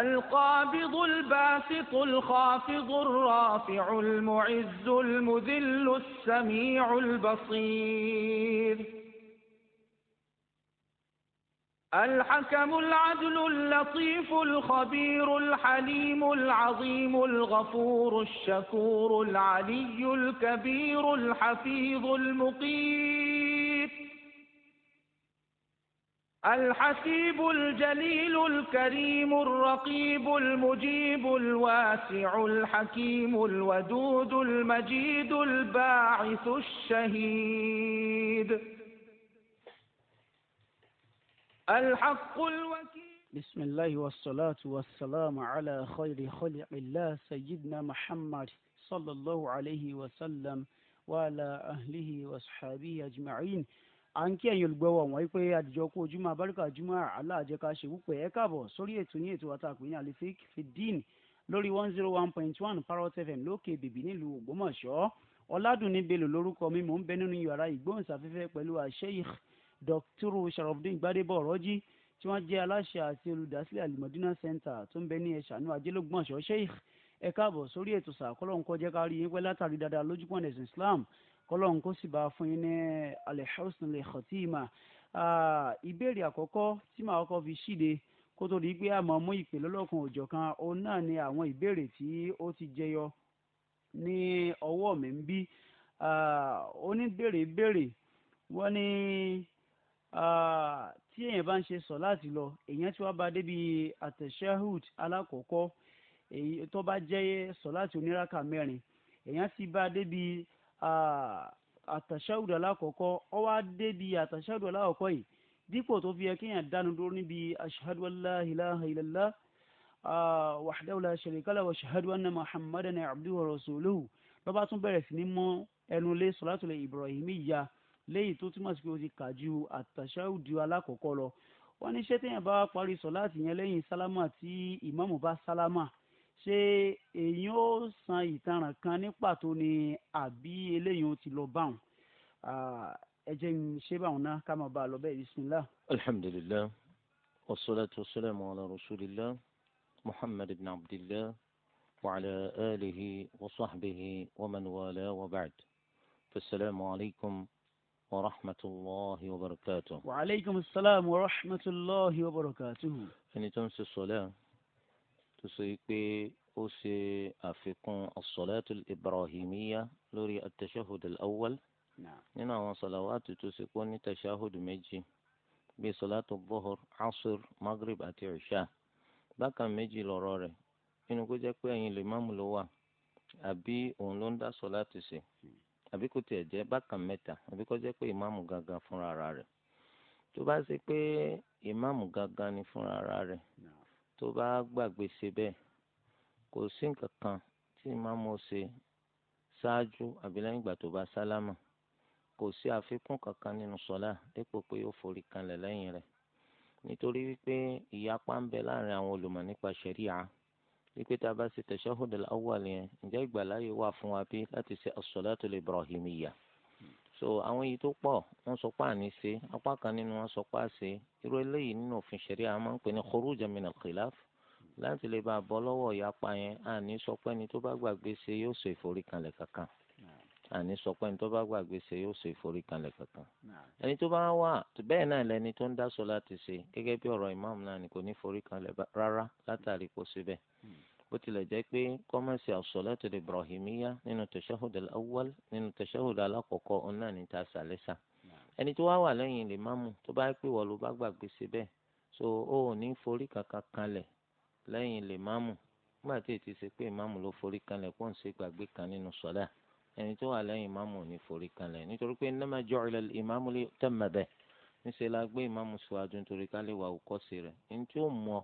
القابض الباسط الخافض الرافع المعز المذل السميع البصير الحكم العدل اللطيف الخبير الحليم العظيم الغفور الشكور العلي الكبير الحفيظ المقيم الحسيب الجليل الكريم الرقيب المجيب الواسع الحكيم الودود المجيد الباعث الشهيد الحق الوكيل بسم الله والصلاة والسلام على خير خلق الله سيدنا محمد صلى الله عليه وسلم وعلى أهله وأصحابه أجمعين à ń kí ẹ̀yin olùgbọ́wọ́ wọ́n pé àdìjọ kú ojúmọ́ abáríkà ojúmọ́ aláàjẹká ṣèwúpẹ́ ẹ káàbọ̀ sórí ètò ní ètò àtàkùn ní alifik fidin lórí one zero one point one parrot fm lókè bèbí nílùú ògbómọ̀ṣọ́ ọ̀làdùnní belò lórúkọ mi mò ń bẹ nínú yàrá ìgbóhùnsáfẹ́fẹ́ pẹ̀lú sheikh dr sharafdin gbadebo ọ̀rọ́jì tí wọ́n jẹ́ aláṣẹ àti olùdásílẹ̀ alimọ̀dínà center tó ń bẹ ní ẹ̀ṣánú ajẹ́lógbọ̀nsọ̀ sheikh ẹ káàbọ̀ sórí ètò sàkọ́lọ́ ń kọjá kárí yín pẹ́ látàrí dáadáa lójúpọ̀n ẹ̀sìn islam kọ́lọ́n kó sì bá a fún yín ní alihusnul khatima ìbéèrè àkọ́kọ́ tí màá kọ́ fi ṣíde kó tó di pé àmọ́ mú ìpè lọ́lọ́kan òjọ̀ kan òun náà ni àwọn ìbéèrè tí ó ti jẹyọ ní ọwọ́ mi ń bí oníbèrè béèrè wọ́n ní tí èèyàn bá ń ṣe sọ láti lọ èèyàn tí wàá bá débi àtẹ̀ṣẹ́hùd alákọ̀ọ́kọ́ èyí tó bá jẹ́ sọ láti oníraka mẹ́rin èèyàn sì bá débi àtàṣàwùdù alákọ̀ọ́kọ́ ọ wá débi àtàṣàwùdù alákọ̀ọ́kọ́ yìí dípò tó fi yẹ kéèyàn dánu dúró níbi ashhadu an la ilaha illallah wahdahu la sharika lahu wa ashhadu anna muhammadan abduhu wa rasuluhu lọ́ba tún bẹ̀rẹ̀ sí ní mọ́ ẹnu lé sọ́látùlẹ̀ ibrahimiyya léyìí tó túmọ̀ sí pé ó ti kà ju àtàṣàwùdù alákọ̀ọ́kọ́ lọ wọ́n ní ṣé téèyàn bá parí sọ́látì yẹn lẹ́yìn sálámà tí ìmáàmù bá sálámà ṣé èyàn ó san ìtanràn kan ní pàtó ni àbí eléyìí ó ti lọ báwọn ah, ẹ jẹ́ ń ṣe báwọn náà ká máa bá a lọ bẹ́ẹ̀ bismillah. alhamdulilayi wasalaatu wasalaamu ala rasulillah muhammad ibn abdillah wa alihi wa sahbihi wa man fasalaamu alaykum wa rahmatulahi wa barakatuh. wa aleykum salaam wa rahmatulahi wa barakatuh. ẹni tó ń ṣe sọlẹ́ tó so yìí pé ó ṣe àfikún as-salatu al-ibrahimiyya lórí at-tashahhud al-awwal nínú àwọn sọ̀làwátù tó ṣe pé ó ní tashahhud méjì bíi sọ̀látù dhuhr asr maghrib àti isha bákan méjì lọ́rọ̀ rẹ̀ nínú kó jẹ́ pé ẹ̀yin lè má mú ló wà àbí òun ló ń dá sọ̀látù ṣe àbí kò tiẹ̀ jẹ́ bákan mẹ́ta àbí kó jẹ́ pé ìmáàmù gangan fúnra rẹ̀ tó bá ṣe pé ìmáàmù gangan ni fúnra rẹ̀ tó bá gbàgbé ṣe bẹ́ẹ̀ kò sí nǹkan kan tí ìmáàmù ó ṣe ṣáájú àbí lẹ́yìn ìgbà tó bá sálámà kò sí àfikún kankan nínú sọ́lá dípò pé ó forí kanlẹ̀ lẹ́yìn rẹ̀ nítorí wípé ìyapa ń bẹ láàrin àwọn olùmọ̀ nípa ṣẹ̀ríà wípé tá a bá ṣe tashahhud al-awwal yẹn ǹjẹ́ ìgbàláyè wà fún wa bí láti ṣe as-salatu al-ibrahimiyya so àwọn èyí tó pọ̀ wọ́n sọ pé àní ṣe apá kan nínú wọn sọ pé àṣe irú eléyìí nínú òfin ṣẹ̀rí àwọn máa ń pè ní khuruj min al-khilaf láti lè bá a bọ́ lọ́wọ́ ìyapa yẹn àní sọ pé ẹni tó bá gbàgbé ṣe yóò sọ ìforíkanlẹ̀ kankan àní sọ pé ẹni tó bá gbàgbé ṣe yóò sọ ìforíkanlẹ̀ kankan ẹni tó bá wà bẹ́ẹ̀ náà lẹni tó ń dá láti ṣe gẹ́gẹ́ bí ọ̀rọ̀ ìmáàmù náà kò ní foríkanlẹ̀ rárá látàrí kó síbẹ̀ bó tilẹ̀ jẹ́ pé kọ́mẹ́sì as-salatu al-ibrahimiyya nínú tashahhud al-awwal nínú tashahhud alákọ̀ọ́kọ́ ọ̀nà ní ta sàlẹ́sà ẹni tó wá wà lẹ́yìn lè má mú tó bá pè wọ́n ló bá gbàgbé ṣe bẹ́ẹ̀ so ó ò ní forí kankan kanlẹ̀ lẹ́yìn lè má mú nígbà tí ètí ṣe pé ìmáàmù ló forí kanlẹ̀ kó ń ṣe gbàgbé kan nínú sọ́lá ẹni tó wà lẹ́yìn ìmáàmù ò ní forí kanlẹ̀ nítorí pé innama ju'ila al-imamu li yu'tamma níṣẹ́ la gbé ìmáàmù síwájú nítorí ká òkọ́sí rẹ̀ ní tí ó mú ọ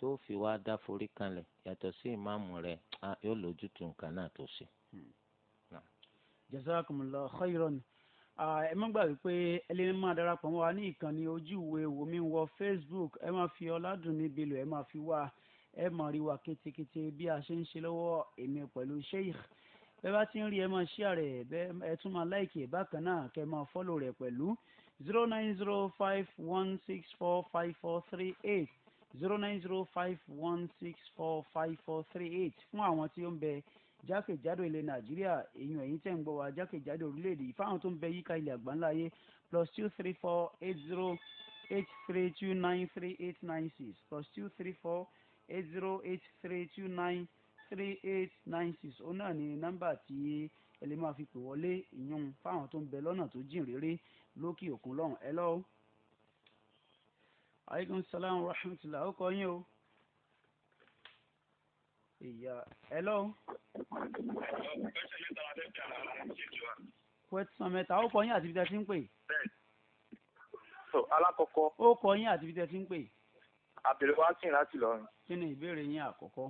tó fi wá dá forí kanlẹ̀ yàtọ̀ sí ìmáàmù rẹ̀ yóò lójútu nǹkan náà tó ṣe. Hmm. jazakumullahu khairan ẹ má gbàgbé pé ẹlẹ́ni máa darapọ̀ mọ́ wa ní ìkànnì ojú ìwé wòmí wọ Facebook ẹ máa fi ọ̀làdùn níbi lò ẹ máa fi wá ẹ máa rí wa kétékété bí a ṣe ń ṣe lọ́wọ́ èmi pẹ̀lú sheikh bẹ́ẹ̀ bá ti ń rí ẹ máa ṣíà rẹ̀ ẹ tún máa láìkì ẹ̀ e bákan náà kẹ́ máa fọ́lò rẹ̀ pẹ̀lú zero nine zero five one six four five four three eight zero nine zero five one six four five four three eight fún àwọn tí ó ń bẹ jákèjádò ilẹ̀ nàìjíríà èyàn èyí tẹ̀ ń gbọ́ wa jákèjádò orílẹ̀-èdè ìfáwọn tó ń bẹ yíká ilẹ̀ àgbáńlá plus two three four eight zero eight three two nine three eight nine six plus two three four eight zero eight three two nine three eight nine six òun náà ni nọ́mbà tí ẹ lè máa fi pè wọlé ìyún fáwọn tó ń bẹ lọ́nà tó jìn réré lókè òkun lọ́hùn ẹ lọ́wọ́ aleykum salaam wa rahmatulah ó kọ yín o. ìyá hello. kwẹsàn mẹ́ta ó kọ yín àti ibi tẹ́ ti ń pè. so alákọ̀ọ́kọ́. ó kọ yín àti ibi tẹ́ ti ń pè. àbẹ̀rẹ̀ wá sìn láti lọrin. kí ni ìbéèrè yín àkọ́kọ́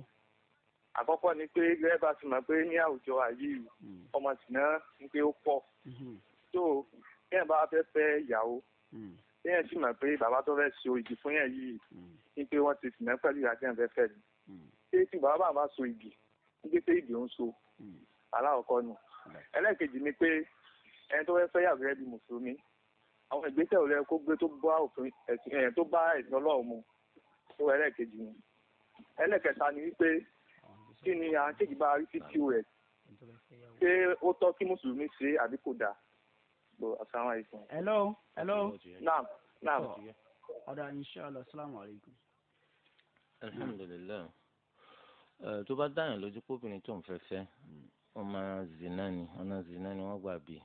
àkọ́kọ́ ni pé gẹ́gẹ́ bá ti mọ̀ pé ní àwùjọ àyè hmm. ọmọ tìǹà ń pé ó pọ̀ tó bí ẹ̀ bá fẹ́ fẹ́ ìyàwó hmm yẹn sì mọ̀ pé bàbá tó fẹ́ so igi fún yẹn yìí hmm. ní pé wọ́n ti sìnà pẹ̀lú ìyá tí yẹn fẹ́ fẹ́ ni hmm. ṣé tí bàbá bàbá so igi ní pé pé igi ń so hmm. aláwọ̀kọ́ nù ẹlẹ́ẹ̀kejì ni pé ẹni tó fẹ́ fẹ́ yàgò rẹ bí mùsùlùmí àwọn ìgbésẹ̀ rẹ kó gbé tó bá òfin ẹ̀sìn tó bá ẹ̀sìn ọlọ́run mu tó ẹlẹ́ẹ̀kejì ni ẹlẹ́ẹ̀kẹta ni wípé kí ni à ń kéjì bá rí sí pos ṣé ó tọ́ kí mùsùlùmí ṣe àbí dáa gbọ́ asalaamualeykum. hello hello. naam naam. ọ̀dà inshallah asalaamualeykum. alhamdulilayi tó bá dáyàn lójú kóbìnrin tó ń fẹ́ fẹ́ ọmọ zina ni ọ̀nà zina ni wọ́n gbà bí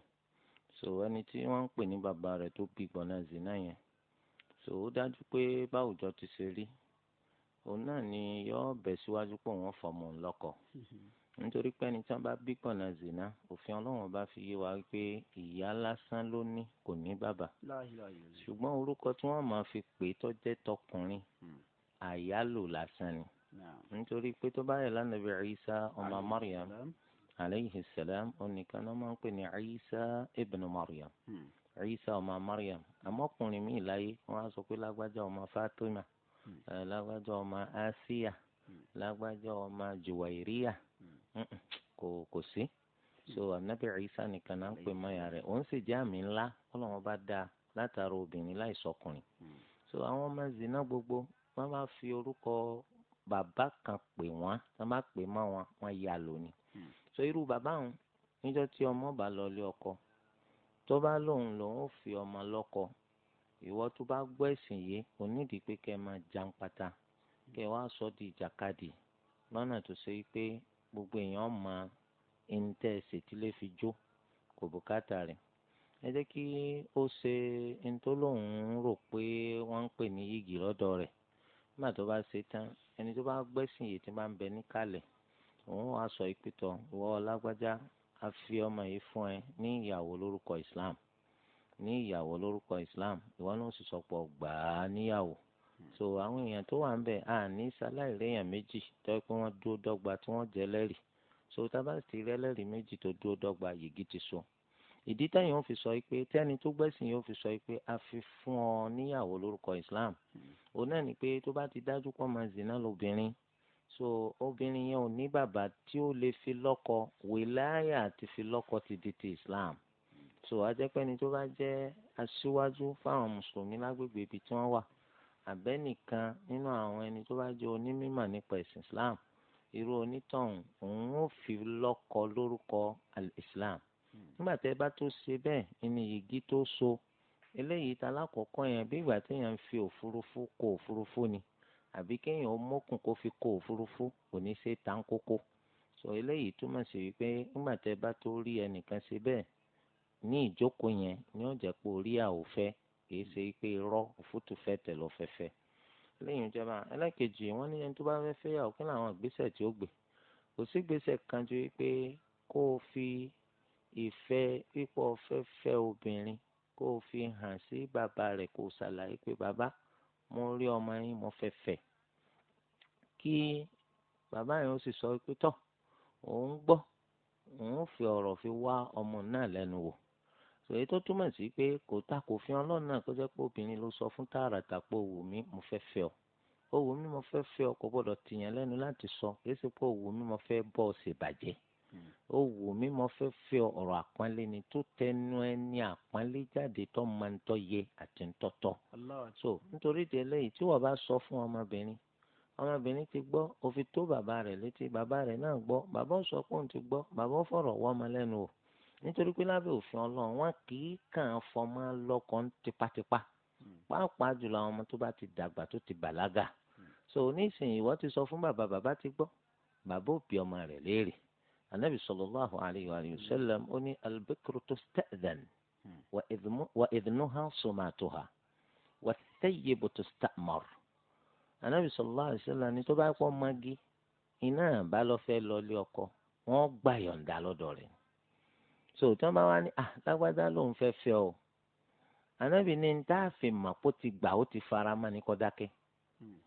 so ẹni tí wọ́n ń pè ní bàbá rẹ̀ tó bí gbọ̀nà zina yẹn so ó dájú pé báwùjọ ti ṣe rí òun náà ni yọ́ọ́ bẹ̀ síwájú pé òun fọmọ ńlọ́kọ̀ọ́. nítorí pé ẹni tí wọ́n bá bí pọ̀nà zina òfin ọlọ́run bá fi yé wa pé ìyá lásán ló ní kò ní bàbá ṣùgbọ́n orúkọ tí wọ́n máa fi pè tọ́jẹ́ tọkùnrin hmm. àyálò lásán ni nítorí pé tó bá lánàbí Isa ọmọ Maryam aleyhi salam onìkan náà máa ń pè ní Isa ibn Maryam hmm. Isa ọmọ Maryam àmọ́kùnrin mi láyé wọ́n á sọ pé lágbájá ọmọ Fatima hmm. eh, lágbájá ọmọ Asiya lágbájá ọmọ Juwairiya kò kò sí so anabi isa nìkan náà ń pè mọ́yà rẹ̀ òun sì jẹ́ àmì ńlá ọlọ́run bá dáa látara obìnrin láìsọkùnrin mm. so àwọn ọmọ zina gbogbo wọ́n máa fi orúkọ bàbá kan pè wọ́n wọ́n máa pè mọ́ wọn wọ́n yà lónìí mm. so irú bàbá òun níjọ́ tí ọmọ bá lọ lé ọkọ tó bá lóun lòun ò fi ọmọ lọ́kọ ìwọ tó bá gbọ́ ẹ̀sìn yìí kò nídìí pé kẹ́ ẹ máa jàǹpátá kẹ́ ẹ wá sọ di ìjàkadì lọ́nà tó ṣe pé gbogbo èèyàn mọ ẹni tẹ́ ẹ ṣètìlẹ́ fi jó kò bùkátà rẹ̀ ẹ jẹ́ kí ó ṣe ẹni tó lóun rò pé wọ́n ń pè ní yìgì lọ́dọ̀ rẹ̀ nígbà tó bá ṣe tán ẹni tó bá gbẹ́sìn yìí ti máa ń bẹ níkàlẹ̀ òun wàá sọ ìpìtọ̀ ìwọ ọlágbájá a fi ọmọ yìí fún ẹ ní ìyàwó lórúkọ Islam ní ìyàwó lórúkọ Islam ìwọ náà sì sọ pé níyàwó so àwọn èèyàn tó wà ń bẹ̀ à ní sáláì réèyàn méjì tó yẹ pé wọ́n dúró dọ́gba tí wọ́n jẹ́ lẹ́rìí so tá a bá ti rí ẹlẹ́rìí méjì tó dúró dọ́gba yìí ti so ìdí táyà yóò fi sọ pé tẹ́ni tó gbẹ̀sìn yóò fi sọ pé a fi fún ọ níyàwó lórúkọ Islam hmm. òun náà ni pé tó bá ti dájú pọ̀ máa zina lóbìnrin so obìnrin yẹn ò ní bàbá tí ó lè fi lọ́kọ wìláyà àti fi lọ́kọ ti di ti Islam hmm. so ajẹ́pẹ́ni tó bá jẹ́ aṣíwájú fáwọn mùsùlùmí lágbègbè ibi tí wọ́n wà àbẹ́nìkan nínú àwọn ẹni tó bá jẹ́ onímọ̀ nípa ẹ̀sìn islam irú onítọ̀hún òun ó fi lọ́kọ lórúkọ islam hmm. nígbà tẹ́ bá tó ṣe bẹ́ẹ̀ ni yìgì tó so eléyìí ta lákọ̀ọ́kọ́ yẹn bí ìgbà téèyàn ń fi òfurufú kó òfurufú ni àbí kéèyàn ó mókùn kó fi kó òfurufú kò ní ṣe tán kókó sọ eléyìí túmọ̀ sí wípé nígbà tẹ́ bá tó rí ẹnìkan ṣe bẹ́ẹ̀ ní ìjókòó yẹn ni ó jẹ́ pé orí àwòfẹ́ kì í ṣe pé irọ́ òfútù fẹ́ tẹ̀ lọ fẹ́fẹ́ lẹ́yìn ìjọba ẹlẹ́kejì wọ́n ní ẹni tó bá fẹ́ fẹ́ yà ó kí làwọn ìgbésẹ̀ tí ó gbé kò sí ìgbésẹ̀ kan ju pé kó o fi ìfẹ́ pípọ̀ fẹ́fẹ́ obìnrin kó o fi hàn sí bàbá rẹ̀ kó o ṣàlàyé pé bàbá mo rí ọmọ yín mo fẹ́ fẹ́ kí bàbá yẹn ó sì sọ pé tọ́ òun gbọ́ òun fi ọ̀rọ̀ fi wá ọmọ náà lẹ́nu wò èyí tó túmọ̀ sí pé kò ta kò fi ọlọ́run náà kó jẹ́ pé obìnrin ló sọ fún tààràtà pé òwò mi mo fẹ́ fẹ́ ọ òwò mi mo ọ kò gbọ́dọ̀ tìyàn lẹ́nu láti sọ kì í ṣe pé òwò ọ ṣe bàjẹ́ hmm. ọ̀rọ̀ àpọ́nlé ni tó tẹnu àpọ́nlé jáde tó máa ń tọ́ yẹ ń tọ́tọ́ so nítorí ti eléyìí tí wọ́n bá sọ fún ọmọbìnrin ọmọbìnrin ti gbọ́ ó ti gbọ́ bàbá fọ̀rọ̀ nítorí pé lábẹ́ òfin ọlọ́run wọn kì í kàn án fọmọ lọ́kọ tipátipá hmm. pàápàá jùlọ àwọn ọmọ tó bá ti dàgbà tó ti bàlágà hmm. so nísìnyí wọ́n ti sọ fún bàbá bàbá ti gbọ́ bàbá òbí ọmọ rẹ̀ léèrè anabi sallallahu alayhi wa hmm. sallam ó ní albikru tusta'dhan wa idhnuha sumatuha wa thayyibu tusta'mar anabi sallallahu alayhi wa sallam ní tó bá pọ̀ magi iná àbálọ́fẹ́ lọ́lé ọkọ wọ́n gbà yọ̀ǹda lọ́dọ̀ rẹ̀ ni so tí wọ́n bá wá ní ah lágbádá lòun fẹ́ fẹ́ o ànábì ní tá a fi mà kó ti gbà ó ti fara mọ́ ní kó dákẹ́ hmm.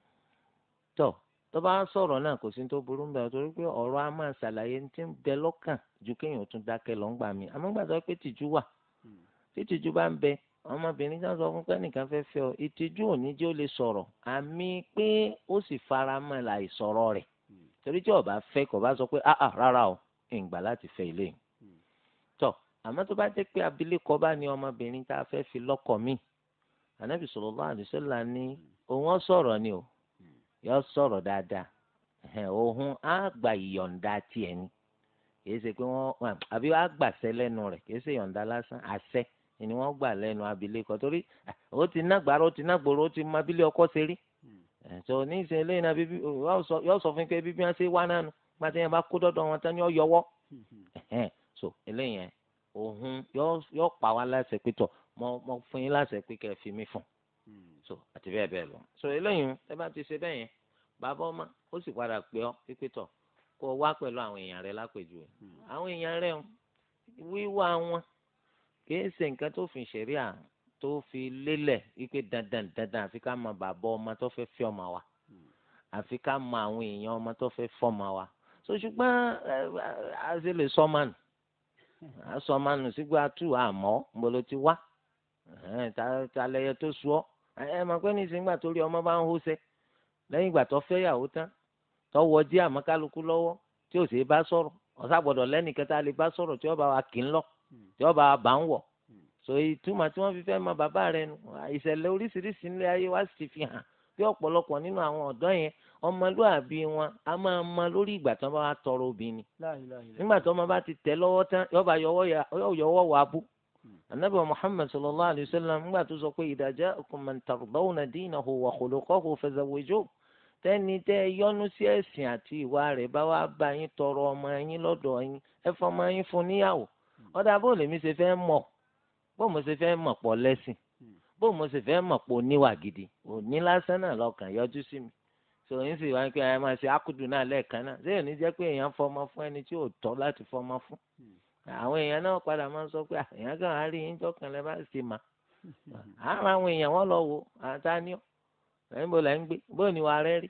tọ́ tó bá sọ̀rọ̀ náà kò sí tó burú ń bẹ̀rẹ̀ torí pé ọ̀rọ̀ a máa ṣàlàyé tí ń bẹ lọ́kàn ju kéèyàn tún dákẹ́ lọ ń gbà mí àmọ́ gbà tó pé tìjú wà hmm. tí tìjú bá ń bẹ ọmọbìnrin náà sọ fún pẹ́nìkan fẹ́ fẹ́ ọ ìtìjú òní jẹ́ ó lè sọ̀rọ̀ àmì pé ó sì fara mọ́ láì sọ̀rọ̀ hmm. torí tí ó bá fẹ́ bá sọ pé ah ah rárá o ìgbà láti fẹ́ ilé yìí àmọ́ tó bá jẹ́ pé abilékọ bá ní ọmọbìnrin tá a fẹ́ fi lọ́kọ mi ànábì sallallahu alaihi wasallam ní òun sọ̀rọ̀ ni o yọ sọ̀rọ̀ dáadáa òun á gba ìyọ̀ǹda tiẹ̀ ni kì í ṣe pé wọ́n àbí wọ́n á gbàṣẹ lẹ́nu rẹ̀ kì lásán àṣẹ ni wọ́n ó ti ná ó ti ná ó ti mọ abílé ọkọ ṣe rí ẹ̀tọ́ ní òun yóò pa wá láṣẹ pé tọ̀ mo fún yín láṣẹ pé kẹ́ ẹ fi mí fún hmm. so àti bẹ́ẹ̀ bẹ́ẹ̀ lọ. so eléyìí ẹ bá ti ṣe bẹ́ẹ̀ yẹn bàbá ọmọ ó sì padà pé ọ pé tọ̀ kó o wá pẹ̀lú àwọn èèyàn rẹ lápèjúwe hmm. àwọn èèyàn rẹ wíwá wọn kìí ṣe nǹkan tó fi ṣẹ̀rí à tó fi lélẹ̀ wípé dandan dandan àfi ká mọ bàbá ọmọ tó fẹ́ fi ọmọ wa hmm. àfi ká mọ àwọn èèyàn ọmọ tó fẹ́ fọmọ wa so ṣùgbọ́n a ṣe lè sọ mọ́nù aṣọ ọmọ nù sígbà tù àmọ́ mbolo ti wá ta lẹyẹ tó sùọ ẹ mọ̀ pé ní ìsìngbà tó rí ọmọ bá ń hóṣẹ́ lẹ́yìn ìgbà tó fẹ́ yàwó tán tó wọ dí àmọ́ kálukú lọ́wọ́ tí ò sì bá sọ̀rọ̀ ọ̀sà gbọ́dọ̀ lẹ́nìkan tá a lè bá sọ̀rọ̀ tí ó bá wa kì í lọ tí ó bá wa bá ń wọ̀ so ìtumọ̀ tí wọ́n fi fẹ́ mọ bàbá rẹ nu ìṣẹ̀lẹ̀ oríṣiríṣi nílé ayé wa sì fi hàn bí ọ̀pọ̀lọpọ̀ nínú àwọn ọ̀dọ́ yẹn ọmọlúàbí wọn a máa ma lórí ìgbà tí wọn bá wá tọrọ obìnrin nígbà tí wọn bá ti tẹ lọ́wọ́ tán yọba yọwọ́ wà bú hmm. anabi muhammed sallallahu alayhi wa sallam nígbà tó sọ pé ìdájá ọkùnmọ̀ntàrúbáwò náà dín ìnáwó wà kòlókòkò fẹsẹ̀wéjò tẹ́ni tẹ́ yọ́nú sí ẹ̀sìn àti ìwà rẹ̀ bá wá bá yín tọrọ ọmọ yín lọ́dọ̀ yín ẹ fọmọ yín fún níyàwó hmm. ọ̀dà bó lèmi ṣe fẹ́ mọ̀ bó mo ṣe fẹ́ mọ̀ pọ̀ lẹ́sìn hmm. bó mo ṣe fẹ́ mọ̀ pọ̀ níwà gidi òní lásán náà lọ́kàn yọjú sí mi sòyìn sì wá pé ẹ máa ṣe ákùdù náà lẹ́ẹ̀kan náà ṣé èyí jẹ́ pé èèyàn fọmọ fún ẹni tí ò tọ́ láti fọmọ fún àwọn èèyàn náà padà máa ń sọ pé èèyàn kan á rí yín jọ́kan lẹ́ bá ṣe mà àwọn àwọn èèyàn wọ́n lọ wo àtàníọ́ lẹ́yìn bó la ń gbé bó ni wàá rẹ́ rí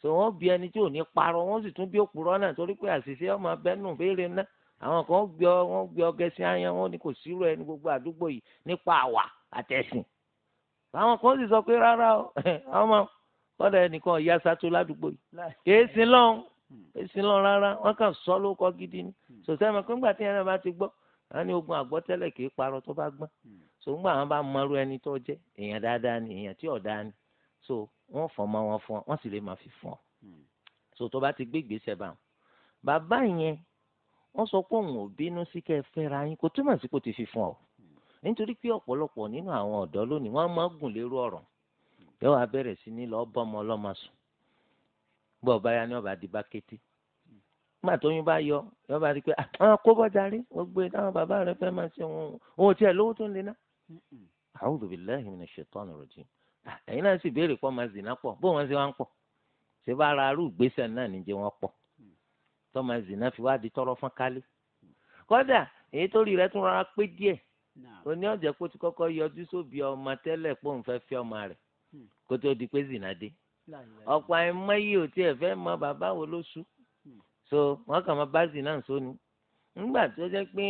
so wọ́n bí ẹni tí ò ní parọ́ wọ́n sì tún bí òpùrọ́ náà torí pé àṣìṣe ọmọ abẹ́nú béèrè náà àwọn kan gbé gbé ọ gẹ̀ẹ́sì ayan wọ́n ní kò sírò ẹni gbogbo àdúgbò yìí nípa àwà àtẹ̀sìn àwọn kan sì sọ pé rárá o ọmọ kọ́dà ẹnìkan ìyá sátó ládùúgbò yìí èsì lọ́n hmm. èsì lọ́n rárá wọ́n kàn sọ ló kọ́ gidi ni hmm. sòsẹ́ mi pínpà tí ẹ̀rọ bá ti gbọ́ àwọn ní ogun àgbọ́tẹ́lẹ̀ kì í parọ́ tó bá gbọ́n hmm. so ńgbà wọn bá mọrú ẹni tó jẹ́ èèyàn dáadáa ni èèyàn tí ọ̀dá ni so wọ́n fọ́n mọ́ wọn fún ọ wọ́n sì lè máa fi fún ọ so tó bá ti gbé ìgbésẹ̀ bá wọn. bàbá yẹn wọ́n sọ pé òun ò bínú sí kẹ́ ẹ fẹ́ra yín kò túmọ̀ sí kó ti fi fún ọ nítorí pé ọ̀pọ̀lọpọ̀ nínú àwọn ọ̀dọ́ lónìí wọ́n máa gùn lérú ọ̀rọ̀ yóò wá bẹ̀rẹ̀ sí ní lọ́ọ́ bọ́mọ ọlọ́mọ sùn gbọ́ ọba ya ni ọba di bákétí nígbà tó yín bá yọ yọ bá di pé àwọn kó bọ́ darí táwọn bàbá rẹ fẹ́ máa ṣe wọn òun tiẹ̀ lówó tó ń lena. a'udhu billahi minash shaitani rajim ẹ̀yin náà sì béèrè pọ̀ máa zìnà pọ̀ bó wọn ṣe wá ń pọ̀ ṣé bá ara arú ìgbésẹ̀ náà níjẹ́ wọn pọ̀ tó máa zìnà fi wá di tọrọ fún kálí. kódà èyí tó rí rẹ tún rárá pé díẹ̀ oní ọ̀jẹ̀ kó ti kọ́kọ́ yọjú sóbi ọmọ tẹ́lẹ̀ pé òun fẹ́ fi ọmọ rẹ̀ kó tó di pé zina dé ọ̀pọ̀ àìmọ́ yìí ò tiẹ̀ fẹ́ mọ bàbá wo ló sùn hmm. so wọ́n kàn máa bá zina sóni ńgbà tó jẹ́ pé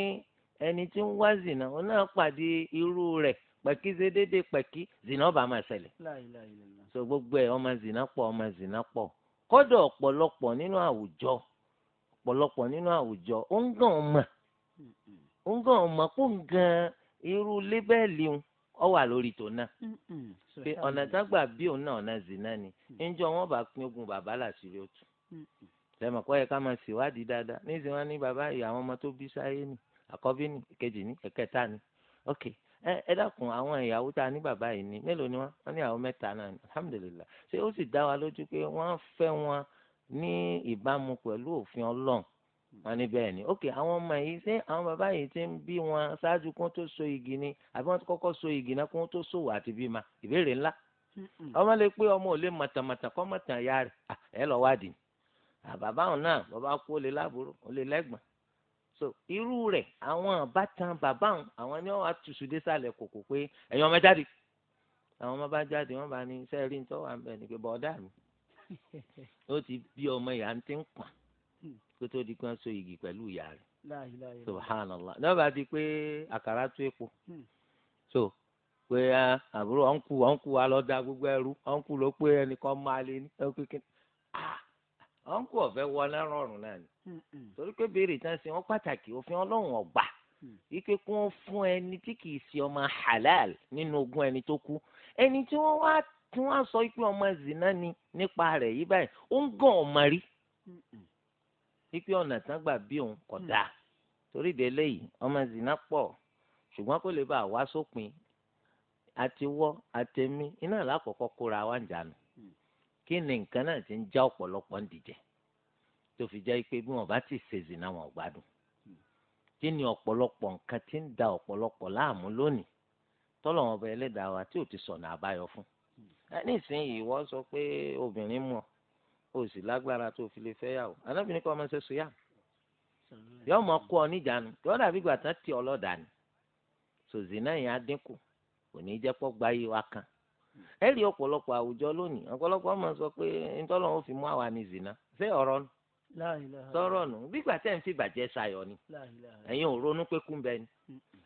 ẹni tí ń wá zina òun náà pàdé irú rẹ̀ pẹ̀kí ṣe déédéé pẹ̀kí zina ọba máa ṣẹlẹ̀ so gbogbo ẹ̀ ọmọ zina pọ̀ ọmọ zina pọ̀ kọ́dọ̀ ọ̀pọ̀lọpọ̀ nínú àwùjọ ọ̀pọ̀lọpọ̀ nínú àwùjọ ó ń gàn ọmọ hmm, hmm. ó ń gàn ọmọ kó ń gan irú lébẹ́ẹ̀lì òun ọ wà lórí tó náà pé ọ̀nà tágbà bí òun náà ọ̀nà zina ni níjọ́ mm. wọn bá pín ogun bàbá làṣírí òtù lẹ́mọ̀ kọ́ yẹ ká máa ṣèwádìí dáadáa níṣẹ́ wọn ní bàbá ìyá ọmọ tó bí sáyé ni àkọ́bí ni ìkejì ni ẹ̀kẹta ni ok ẹ ẹ dákun àwọn ìyàwó tá a ní bàbá yìí ni mélòó ni wọn wọn ní àwọn mẹ́ta náà ni alhamdulilah ṣé ó sì dá wa lójú pé wọ́n fẹ́ wọn ní ìbámu pẹ̀lú òfin ọlọ́run wọn ní bẹ́ẹ̀ ni ok àwọn ọmọ yìí ṣé àwọn bàbá yìí ti ń bí wọn ṣáájú kó tó so igi ni àbí wọn ti kọ́kọ́ so igi náà kó tó sòwò àti bí ma ìbéèrè ńlá ọmọ lè pé ọmọ ò lè màtàmàtà kọ́ màtà ya rẹ̀ ẹ lọ wádìí bàbá òun náà bàbá kú ó lè láàbúrò ó lè lẹ́gbọ̀n so irú rẹ̀ àwọn àbátan bàbá òun àwọn ni wọ́n á tùsù dé sàlẹ̀ kòkò pé ẹ̀yin ọmọ jáde àwọn ọmọ bá jáde wọ́n bá ní sẹ́ẹ̀rì ń tọ́ wà ń bọ́ọ̀dà mi ó ti bí ọmọ ìyá ń ti ń pọ̀n kó tó di kan so igi pẹ̀lú ìyá rẹ̀ subhanallah lọ́ba di pé àkàrà tó epo hmm. so pé àbúrò ọ̀nkù ọ̀nkù wa lọ da gbogbo ẹrú ọ̀nkù ló pé ẹnìkan máa lé ní ọ̀kẹ́kẹ́ ọ̀nkù ọ̀fẹ́ wọlé rọrùn náà ni hmm, hmm. torí pé béèrè tán sí wọn pàtàkì òfin ọlọ́run ọ̀gbà ike kí wọ́n fún ẹni tí kìí ṣe ọmọ halal nínú ogún ẹni tó kú ẹni tí wọ́n wá tí wọ́n sọ pé ọmọ zina ni nípa rẹ̀ yí báyìí ó ń gàn ọmọ rí wípé ọ̀nà tán gbà bí òun kọ̀ hmm. dáa torí ìdè eléyìí ọmọ zina pọ̀ ṣùgbọ́n kó lè bá wá sópin àtiwọ́ àtẹ̀mí iná làkọ́kọ́ kóra wa ń jànú hmm. kí ni nǹkan náà ti ń já ọ̀pọ̀lọpọ̀ ń dìjẹ́ tó fi jẹ́ pé bí wọ́n bá ti ṣe zina wọn ò gbádùn hmm. kí ni ọ̀pọ̀lọpọ̀ nǹkan ti ń da ọ̀pọ̀lọpọ̀ láàmú lónìí tọ́lọ̀ wọn bẹ ẹlẹ́dàá wa tí ò ti sọ̀nà àbáyọ fún nísìnyí wọ́n sọ pé obìnrin mọ̀ o sì lágbára tó fi lè fẹ́ yà o anábì ní kọ́ ọmọ ṣe sùúyà yọ mọ kó ọ níjànú yọ dàbí ìgbà tán ti ọlọ́dà ni sòzì náà yẹn á dínkù kò ní jẹ́ pọ́ gba yìí kan ẹ rí ọ̀pọ̀lọpọ̀ àwùjọ lónìí ọ̀pọ̀lọpọ̀ ọmọ sọ pé ntọ́lọ́ wọn fi mú àwa ni zìnà ṣé ọ̀rọ̀ nù sọ̀rọ̀ nù bígbà tẹ́ ń fi bàjẹ́ sayọ̀ ni ẹ̀yin ò ronú pé kún bẹ́ẹ̀ ni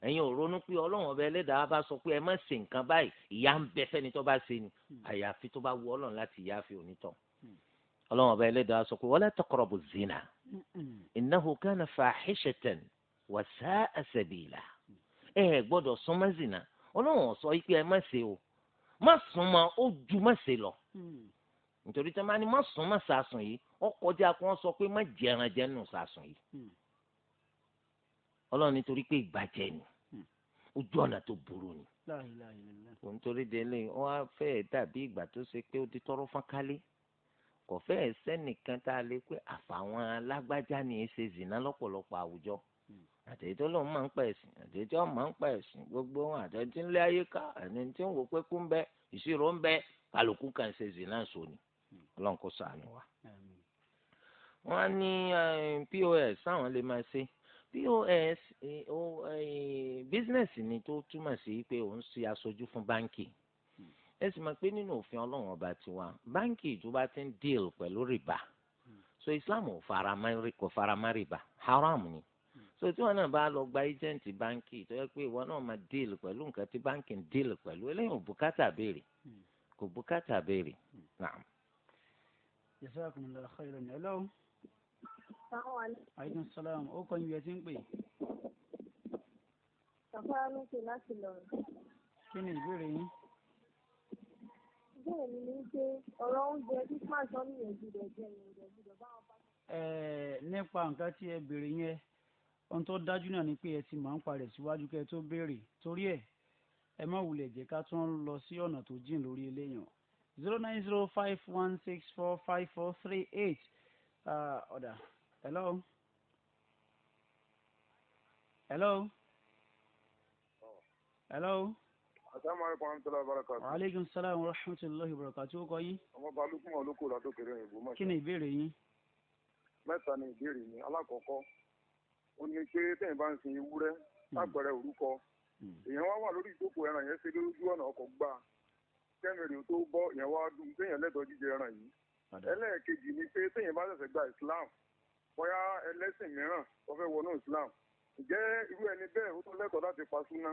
ẹ̀yin ò ronú pé ọlọ́run ọba ẹlẹ́dàá bá sọ pé ẹ má ṣe nǹkan báyìí ìyá ń bẹ fẹ́ni tó bá ṣe ni mm. àyàfi tó bá wu ọlọ́run láti ìyá fi onítọ̀ mm ọlọ́run ọba ẹlẹ́dàá sọ pé wala taqrabu zina innahu kana fahishatan wa sa'a sabila ẹ gbọ́dọ̀ súnmọ́ zina ọlọ́run ó sọ pé ẹ má ṣe o má súnmọ́ ó ju má ṣe lọ mm. nítorí tí wọ́n bá ní má súnmọ́ sàásùn yìí ọkọ̀ tí a kàn sọ pé má jẹran jẹnu sàásùn yìí mm. ọlọ́run nítorí pé ìbàjẹ́ ni mm. ojú ọ̀nà tó burú ni. nítorí délé wọn á fẹ́ dàbí ìgbà tó ṣe pé ó ti tọrọ kò fẹ́ẹ̀ sẹ́nìkan tá a lè pé àfàwọn alágbájá ni í ṣe zìnà lọ́pọ̀lọpọ̀ àwùjọ hmm. àtẹ̀yìntì ló máa ń pa ẹ̀sìn àtẹ̀yìntì ó máa ń pa ẹ̀sìn gbogbo wọn àtẹ̀yìntì ńlẹ̀ ayé ká àtẹ̀yìntì ń wò pé kú ń bẹ ìṣirò ń bẹ kálukú kan ṣe zìnà sóni hmm. ọlọ́run kó ṣàánú wa. wọ́n á ní eh, pos sáwọn lè máa ṣe pos eh, eh, business ni tó túmọ̀ sí pé òun ṣe aṣojú fún báńkì ẹ sì máa pé nínú òfin ọlọ́run ọba tiwa báńkì tó bá ti ń deal pẹ̀lú rìbá so islam ò faramá rìbá haram ni so tí wọn náà bá lọ gba ẹjẹǹtì báńkì tó yẹ pé ìwọ náà máa deal pẹ̀lú nǹkan tí báńkì ń deal pẹ̀lú eléyìí ò bùkátà béèrè kò bùkátà béèrè naam. jazakumullahu khairan hello. aleykum salaam ó kọ́ ibi ti ń pè. sàfárà lókè láti lọ. kí ni ìbéèrè yín bẹ́ẹ̀ ni ní pé ọ̀rọ̀ oúnjẹ christmas wọn nìyẹn gbọ́dọ̀ jẹ ìyẹn gbọ́dọ̀ bá wọn bá. nípa nǹkan tí ẹ béèrè yẹn ohun tó dájú náà ni pé ẹ ti máa ń parẹ̀ síwájú kẹ́ tó béèrè torí ẹ̀ ẹ má wulẹ̀ jẹ́ ká tún lọ sí ọ̀nà tó jìn lórí eléyàn zero nine zero five one six four five four three eight ọ̀dà hello hello hello. asalaamualeykum warahmatulahi wabarakatu. waaleykum salaam wa rahmatulahi wabarakatu. ó kọ yín. ọmọ balùkùn olóko ládókèrè òyìnbó mọ̀ṣẹ́. kí ni ìbéèrè yín. mẹ́ta ni ìbéèrè mi alákọ̀ọ́kọ́ O ní pé tẹ̀yìn bá ń sin ewúrẹ́ hmm. lágbẹ̀rẹ̀ orúkọ hmm. èèyàn wá wà lórí ìjókòó ẹran yẹn ṣe lójú ọ̀nà ọkọ̀ gbà tó bọ́ èèyàn wá dùn téèyàn gba Islam bóyá ẹlẹ́sìn mìíràn tó fẹ́ wọnú Islam ǹjẹ́ irú ẹni bẹ́ẹ̀ ó pa súná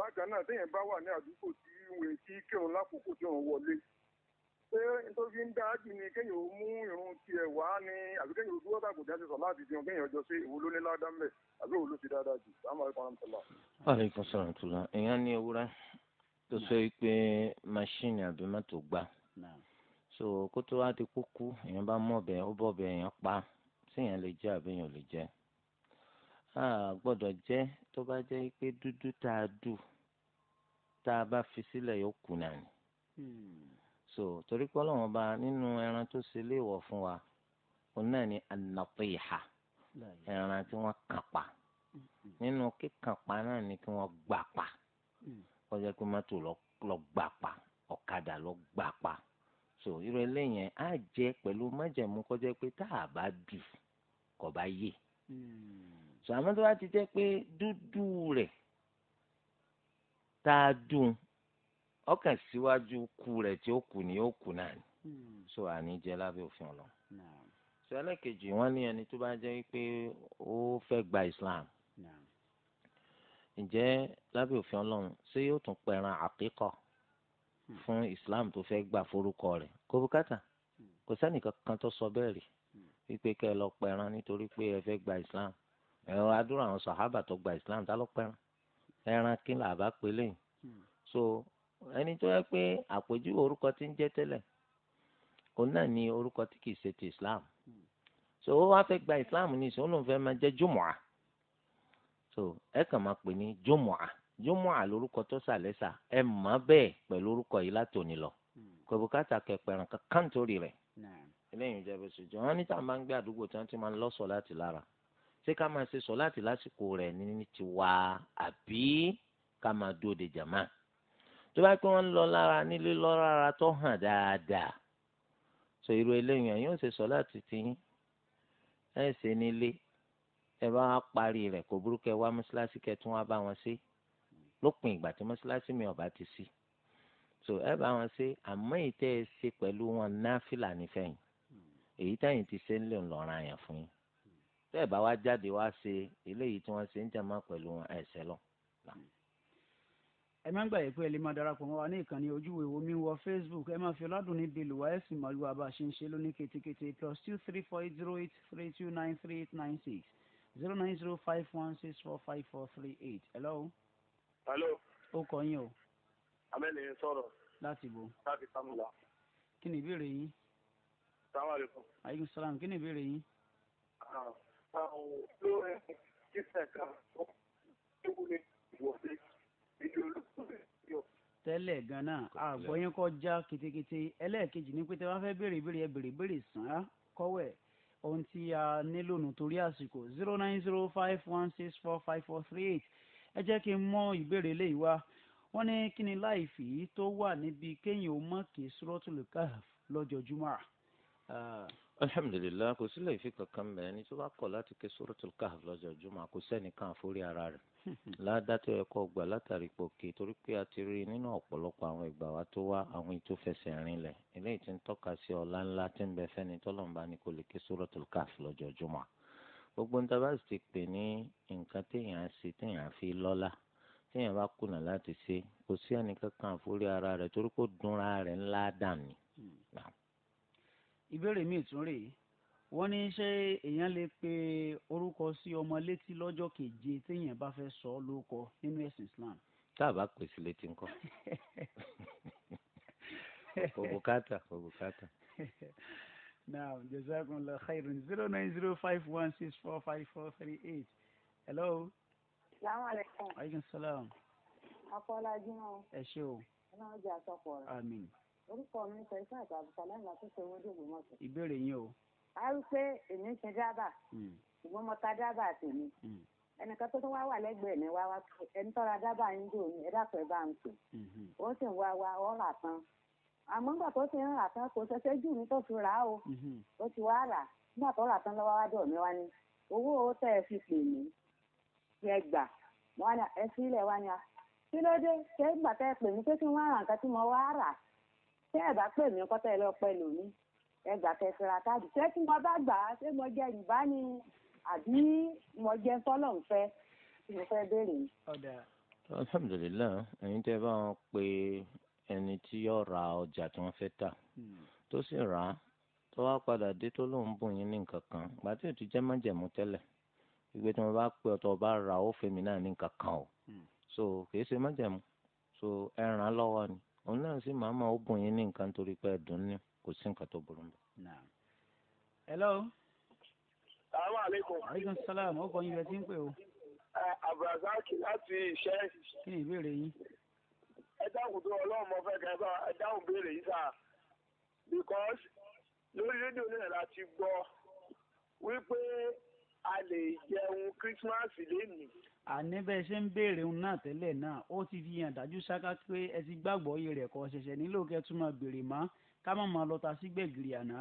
bákan náà téèyàn bá wà ní àdúgbò tí ìwé tí kírun lákòókò tí òun wọlé pé nítorí ń dájú ni kéèyàn ó mú irun tiẹ̀ wá ní àbí kéèyàn ó dúró tàbùdá ti sọ láti jẹun kéèyàn ọjọ́ sí ìwo ló ní ládàá mẹ́ àbí òun ló ti dáadáa jù sáà máa ń pọn àmì aleykum salaam tula èèyàn ní ewúrẹ́ tó sọ pé máṣíìnì àbí mọ́tò gbá so kótó wá ti kúkú èèyàn bá mọ̀ bẹ́ẹ̀ ó bọ̀ bẹ́ẹ̀ gbọ́dọ̀ jẹ́ tó bá jẹ́ pé dúdú tá a dù tá a bá fi sílẹ̀ yóò kù náà hmm. so torí pé ọlọ́run ọba nínú ẹran tó ṣe léèwọ̀ fún wa òun náà ni ànàpéyà ẹran tí wọ́n kàn pa hmm. nínú kíkàn pa náà ni kí wọ́n gbà pa kọjá hmm. pé mọ́tò lọ gbà pa ọ̀kadà lọ gbà pa so irú eléyẹn á jẹ pẹ̀lú májẹ̀mú kọjá pé tá a bá dù kò bá yé sọ àmọ́ tó bá ti jẹ́ pé dúdú rẹ̀ tá a dùn ọkàn síwájú ku rẹ̀ tí ó kù ní ó kù náà ni hmm. so àní jẹ́ òfin ọlọ́run sọ ẹlẹ́kejì wọ́n ní ẹni tó bá jẹ́ pé ó fẹ́ gba Islam ǹjẹ́ lábẹ́ òfin ọlọ́run ṣé yóò tún pẹran àkíkọ̀ hmm. fún Islam tó fẹ́ gbà forúkọ rẹ̀ kó bùkátà hmm. kò sẹ́nìkan kan tó sọ bẹ́ẹ̀ rí wípé kẹ́ ẹ lọ pẹran nítorí pé ẹ fẹ́ gba Islam. ẹran adúrà àwọn sàhábà tó gba islam tá ẹran kí là bá hmm. so ẹni tó yẹ pé àpèjúwe orúkọ tí ń jẹ́ tẹ́lẹ̀ òun náà ni orúkọ tí ti islam hmm. so ó wá fẹ́ gba islam ní ìsìn olóhùn máa jẹ́ jùmọ̀à so ẹ kàn máa pè ní jùmọ̀à jùmọ̀à lórúkọ tó sàlẹ́sà ẹ mọ̀ bẹ́ẹ̀ pẹ̀lú orúkọ yìí lọ hmm. kò kankan torí rẹ̀ jọ wọn ní ń ti máa ń lọ́sọ̀ láti ṣé ká máa ṣe sọ̀láàtì lásìkò rẹ̀ ní tiwa àbí ká máa dúró de jàmá tó bá pé wọ́n ń lọ lára nílé lọ lára tó hàn dáadáa sọ irú eléyìí ẹ̀yin ò ṣe sọ̀láàtì tiyín ẹ ṣe nílé ẹ bá wá parí rẹ̀ kò burúkẹ wá mọ́ṣáláṣí kẹtún wá bá wọn ṣe lópin ìgbà tí mọ́ṣáláṣí mi ò ti sí so ẹ bá wọn ṣe àmọ́ èyí tẹ́ ẹ ṣe pẹ̀lú wọn náfìlà nífẹ̀yìn èyí tẹ́yìn ti ṣe ń lè lọ́ra yẹn fún yín tẹ́ ẹ̀ bá wá jáde wá ṣe eléyìí tí wọ́n ṣe ń jàmá pẹ̀lú ẹ̀ṣẹ̀ lọ. ẹ máa ń gbàgbé pé ẹ lè máa darapọ̀ mọ́ wa ní ìkànnì ojúwe wo mi wọ facebook ẹ máa fi ọlọ́dún níbi ìlúwa ẹ̀ sì mọ̀ lù àbá ṣe ń ṣe lóní ketekete plus two three four eight zero eight three two nine three eight nine six zero nine zero five one six four five four three eight. hello. hello. ó kọ yín o. abẹ́lẹ̀ yẹn sọ̀rọ̀. láti bo. láti sàmúlà. kí ni ìbéèrè yín. sàmúlà. aleykum salaam kí ni ìbéèrè yín. Ah tẹ́lẹ̀ gan-an àgbọ̀yìn kọjá kitikiti ẹlẹ́ẹ̀kejì ní pété wọ́n fẹ́ béèrè ìbéèrè ẹ béèrè ìbéèrè sàn á kọ́wẹ̀ ohun tí a nílò nù torí àsìkò zero nine zero five one six four five four three eight ẹ jẹ́ kí n mọ ìbéèrè eléyìí wá wọ́n ní kí ni láìfì tó wà níbi kéèyàn ó mọ̀ kí sùrọ́tùlù káf lọ́jọ́ jùmọ̀. Ah alhamdulilayi kò sílẹ̀ ìfi kankan mẹ́rin ní tí wọ́n bá kọ̀ láti ké suratul kahf lọ́jọ́ jùmọ̀ kò sẹ́nìkan àforí ara rẹ̀ ládàtọ̀ ẹ̀kọ́ gbà látàrí pòkè torí pé a ti rí nínú ọ̀pọ̀lọpọ̀ àwọn ìgbà wa tó wá àwọn ètò fẹsẹ̀ rin lẹ̀ eléyìí ti ń tọ́ka sí ọlá ńlá tí ń bẹ fẹ́ni tọ́lọ́mùbá ni kò lè ké suratul kahf lọ́jọ́ jùmọ̀ gbogbo níta ti pè ní nǹkan ìbéèrè míì tún rèé wọ́n ní ṣé èèyàn lè pe orúkọ sí ọmọ létí lọ́jọ́ keje téèyàn bá fẹ́ sọ ọ́ lórúkọ nínú ẹ̀sìn Islam. tá a bá pè sí létí ńkọ́ òbúkátà òbúkátà. now jazakumullahu khairun zero nine zero five one six four five four three eight hello. salaamaleykum. aleykum salaam. afọlájú náà. ẹ ṣé o. ẹ náà jẹ́ àsọpọ̀ rẹ̀. àmín. orúkọ mi sọ iṣẹ́ àgbàbùkà lẹ́nu àti ṣe owó dògbò mọ́tò. ìbéèrè yín o. a rí pé èmi ń ṣe dábà hmm. ṣùgbọ́n mo ta dábà tèmi hmm. ẹnìkan tó wá wà lẹ́gbẹ̀ẹ́ mi wá wá pé ẹni tọ́ra dábà dò bá ń pè hmm. ó sì ń wá wá ọ́ rà tán àmọ́ tó ti ń rà tán kò ṣẹṣẹ́ jù mí o ó ti wá rà tó rà tán a kí ló dé ṣé ìgbà ṣé ẹ bá pè mí kọ́tà ẹ lọ pẹ́ lómi ẹ gbà kẹsìrà káàdì ṣé tí mo bá gbà á ṣé mo jẹ ìbá ni àbí mo jẹ fọlọ́n fẹ́ tí mo fẹ́ béèrè yìí. alhamdulilayi ẹ̀yin tẹ́ bá wọn pe ẹni tí yóò ra ọjà tí wọ́n fẹ́ tà hmm. tó sì rà á tó wá padà dé tó lóun bùn yín ní nǹkan kan gbàtí ò ti jẹ́ májẹ̀mú tẹ́lẹ̀ ìgbé tí wọ́n bá pè ọ̀tọ̀ ọba ra ó fèmí náà ní nǹkan kan o hmm. so kì í ṣe májẹ̀mú so ẹ ràn án ni òun náà sì máa ma ogun yín ní nǹkan torí pé ẹ̀dùn ní kò sí nǹkan tó burú mbẹ̀. hello. salaamu aleykum. aleykum salaam ọkọ yín bẹ tí ń pè o. abdulrasaq láti iṣẹ́. kí ni ìbéèrè yín. ẹ dáhùn tó ọlọ́run mọ fẹ́ kẹ́ ẹ bá ẹ dáhùn béèrè yìí sá because lórí rédíò náà la ti gbọ́ wípé a lè jẹun kírísímàsì lénìí àní bẹ́ẹ̀ ṣe ń béèrè òun náà tẹ́lẹ̀ náà ó ti fi hàn dájú ṣáká pé ẹ ti gbàgbọ́ iye rẹ̀ kọ́ ṣẹ̀ṣẹ̀ nílò kẹ́ tún máa béèrè mọ́ ká má máa lọ́ta sí gbẹ̀gìrì àná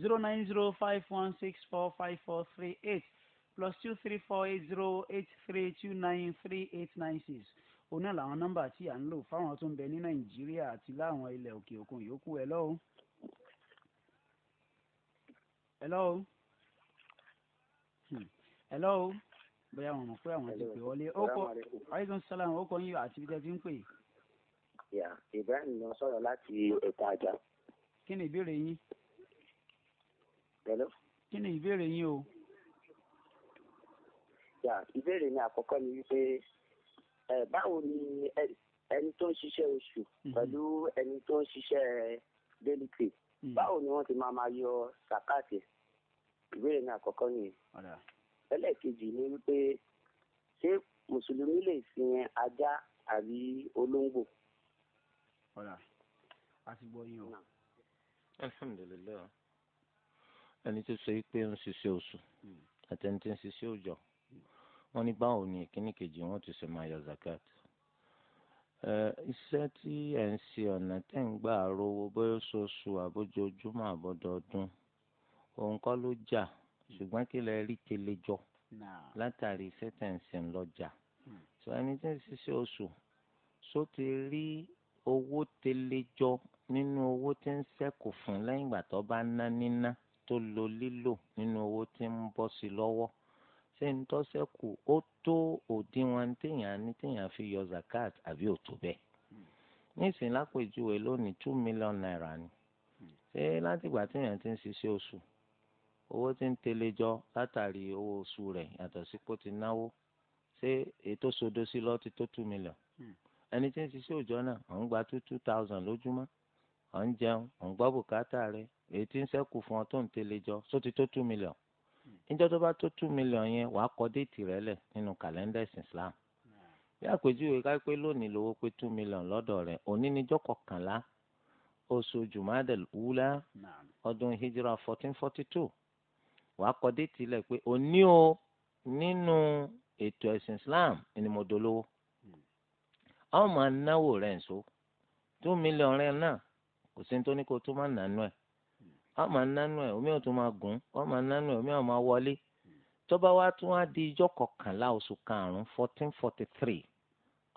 zero nine zero five one six four five four three eight plus two three four eight zero eight three two nine three eight nine six òun náà làwọn nọ́mbà tí à ń lò fáwọn tó ń bẹ ní nàìjíríà àti láwọn ilẹ̀ òkè òkun yòókù ẹ̀ lọ́wọ́. hello. hello. Hmm. hello. bóyá wọn mọ̀ pé àwọn ti pè wọlé ó kọ aleykum salaam ó kọ yín àti bíi tẹ́tí ń pè. ìyá Ibrahim lọ sọ̀rọ̀ láti ẹ̀ka àjà. kí ni ìbéèrè yín. pẹ̀lú. kí ni ìbéèrè yín o. ìyá ìbéèrè mi àkọ́kọ́ ni wípé báwo ni ẹni tó ń ṣiṣẹ́ oṣù mhm. pẹ̀lú ẹni tó ń ṣiṣẹ́ daily pay mhm. báwo ni wọ́n ti máa máa yọ sàkáàtì ìbéèrè mi àkọ́kọ́ nìyẹn. ẹlẹ́ẹ̀kejì ni wípé ṣé mùsùlùmí lè fi yẹn ajá àbí olóńgbò. ọ̀rà a ti gbọ́ yín o. alhamdulilayi ẹni tó sọ pé ń ṣiṣẹ́ oṣù hmm. àti ẹni tó ń ṣiṣẹ́ òòjọ́ wọ́n ní báwo ni ìkíní kejì wọn ti ṣe máa yọ zakat iṣẹ́ tí ẹ̀ ń ṣe ọ̀nà tẹ̀ ń gbà rówó bóyá oṣooṣù àbójoojúmọ́ àbọ̀dọ̀ọdún òun kọ́ ló jà. Ja ṣùgbọ́n kí lè rí tele jọ látàrí sẹ́tẹ̀ǹsì ńlọ́jà tó hmm. ẹni tí ń ṣiṣẹ́ oṣù só ti rí owó tele jọ nínú owó tí ń ṣẹ́kù fún lẹ́yìn ìgbà tó bá ná níná tó lo lílò nínú owó tí ń bọ́ sí lọ́wọ́ ṣé ń tọ́ ṣẹ́kù ó tó òdiwọ̀n téèyàn ní téèyàn fi yọ zakat àbí òtò bẹ́ẹ̀ hmm. nísìnyí lápèjúwe lónìí two million naira ni hmm. ṣé látìgbà téèyàn ti ń ṣiṣẹ́ oṣù owó tí ń tẹ̀lé jọ látàrí owó oṣù rẹ̀ yàtọ̀ sí pé ó ti náwó ṣé ètò sodo sí lọ ti tó two million hmm. ẹni tí ń ṣiṣẹ́ òòjọ́ náà ọ̀ gba two two thousand lójúmọ́ ọ̀ ń jẹun ọ̀ ń gbọ́ bùkátà rẹ̀ èyí tí ń ṣẹ́kù fún ọ tó ń tẹ̀lé jọ só ti tó two million hmm. níjọ́ tó bá tó two million yẹn wàá kọ déètì rẹ̀ lẹ̀ nínú kàlẹ́ndà ẹ̀sìn Islam bí àpèjúwe ká pé lónìí lówó pé two million lọ́dọ̀ rẹ̀ òní níjọ́ kọkànlá oṣù Jumadal Ula ọdún hijra fourteen forty two wàá kọ déètì lẹ̀ pé òní o nínú ètò ẹ̀sìn Islam ni mo dolówó àwọn máa náwó rẹ̀ ń so two million rẹ̀ náà kò sí nítorí kó tó máa nànú ẹ̀ àwọn máa nánú ẹ̀ omi ò tún máa gùn wọ́n máa nánú ẹ̀ omi ò máa wọlé tọ́ba wa tún wá di ijọ́ kọkànlá oṣù karùn-ún fourteen forty three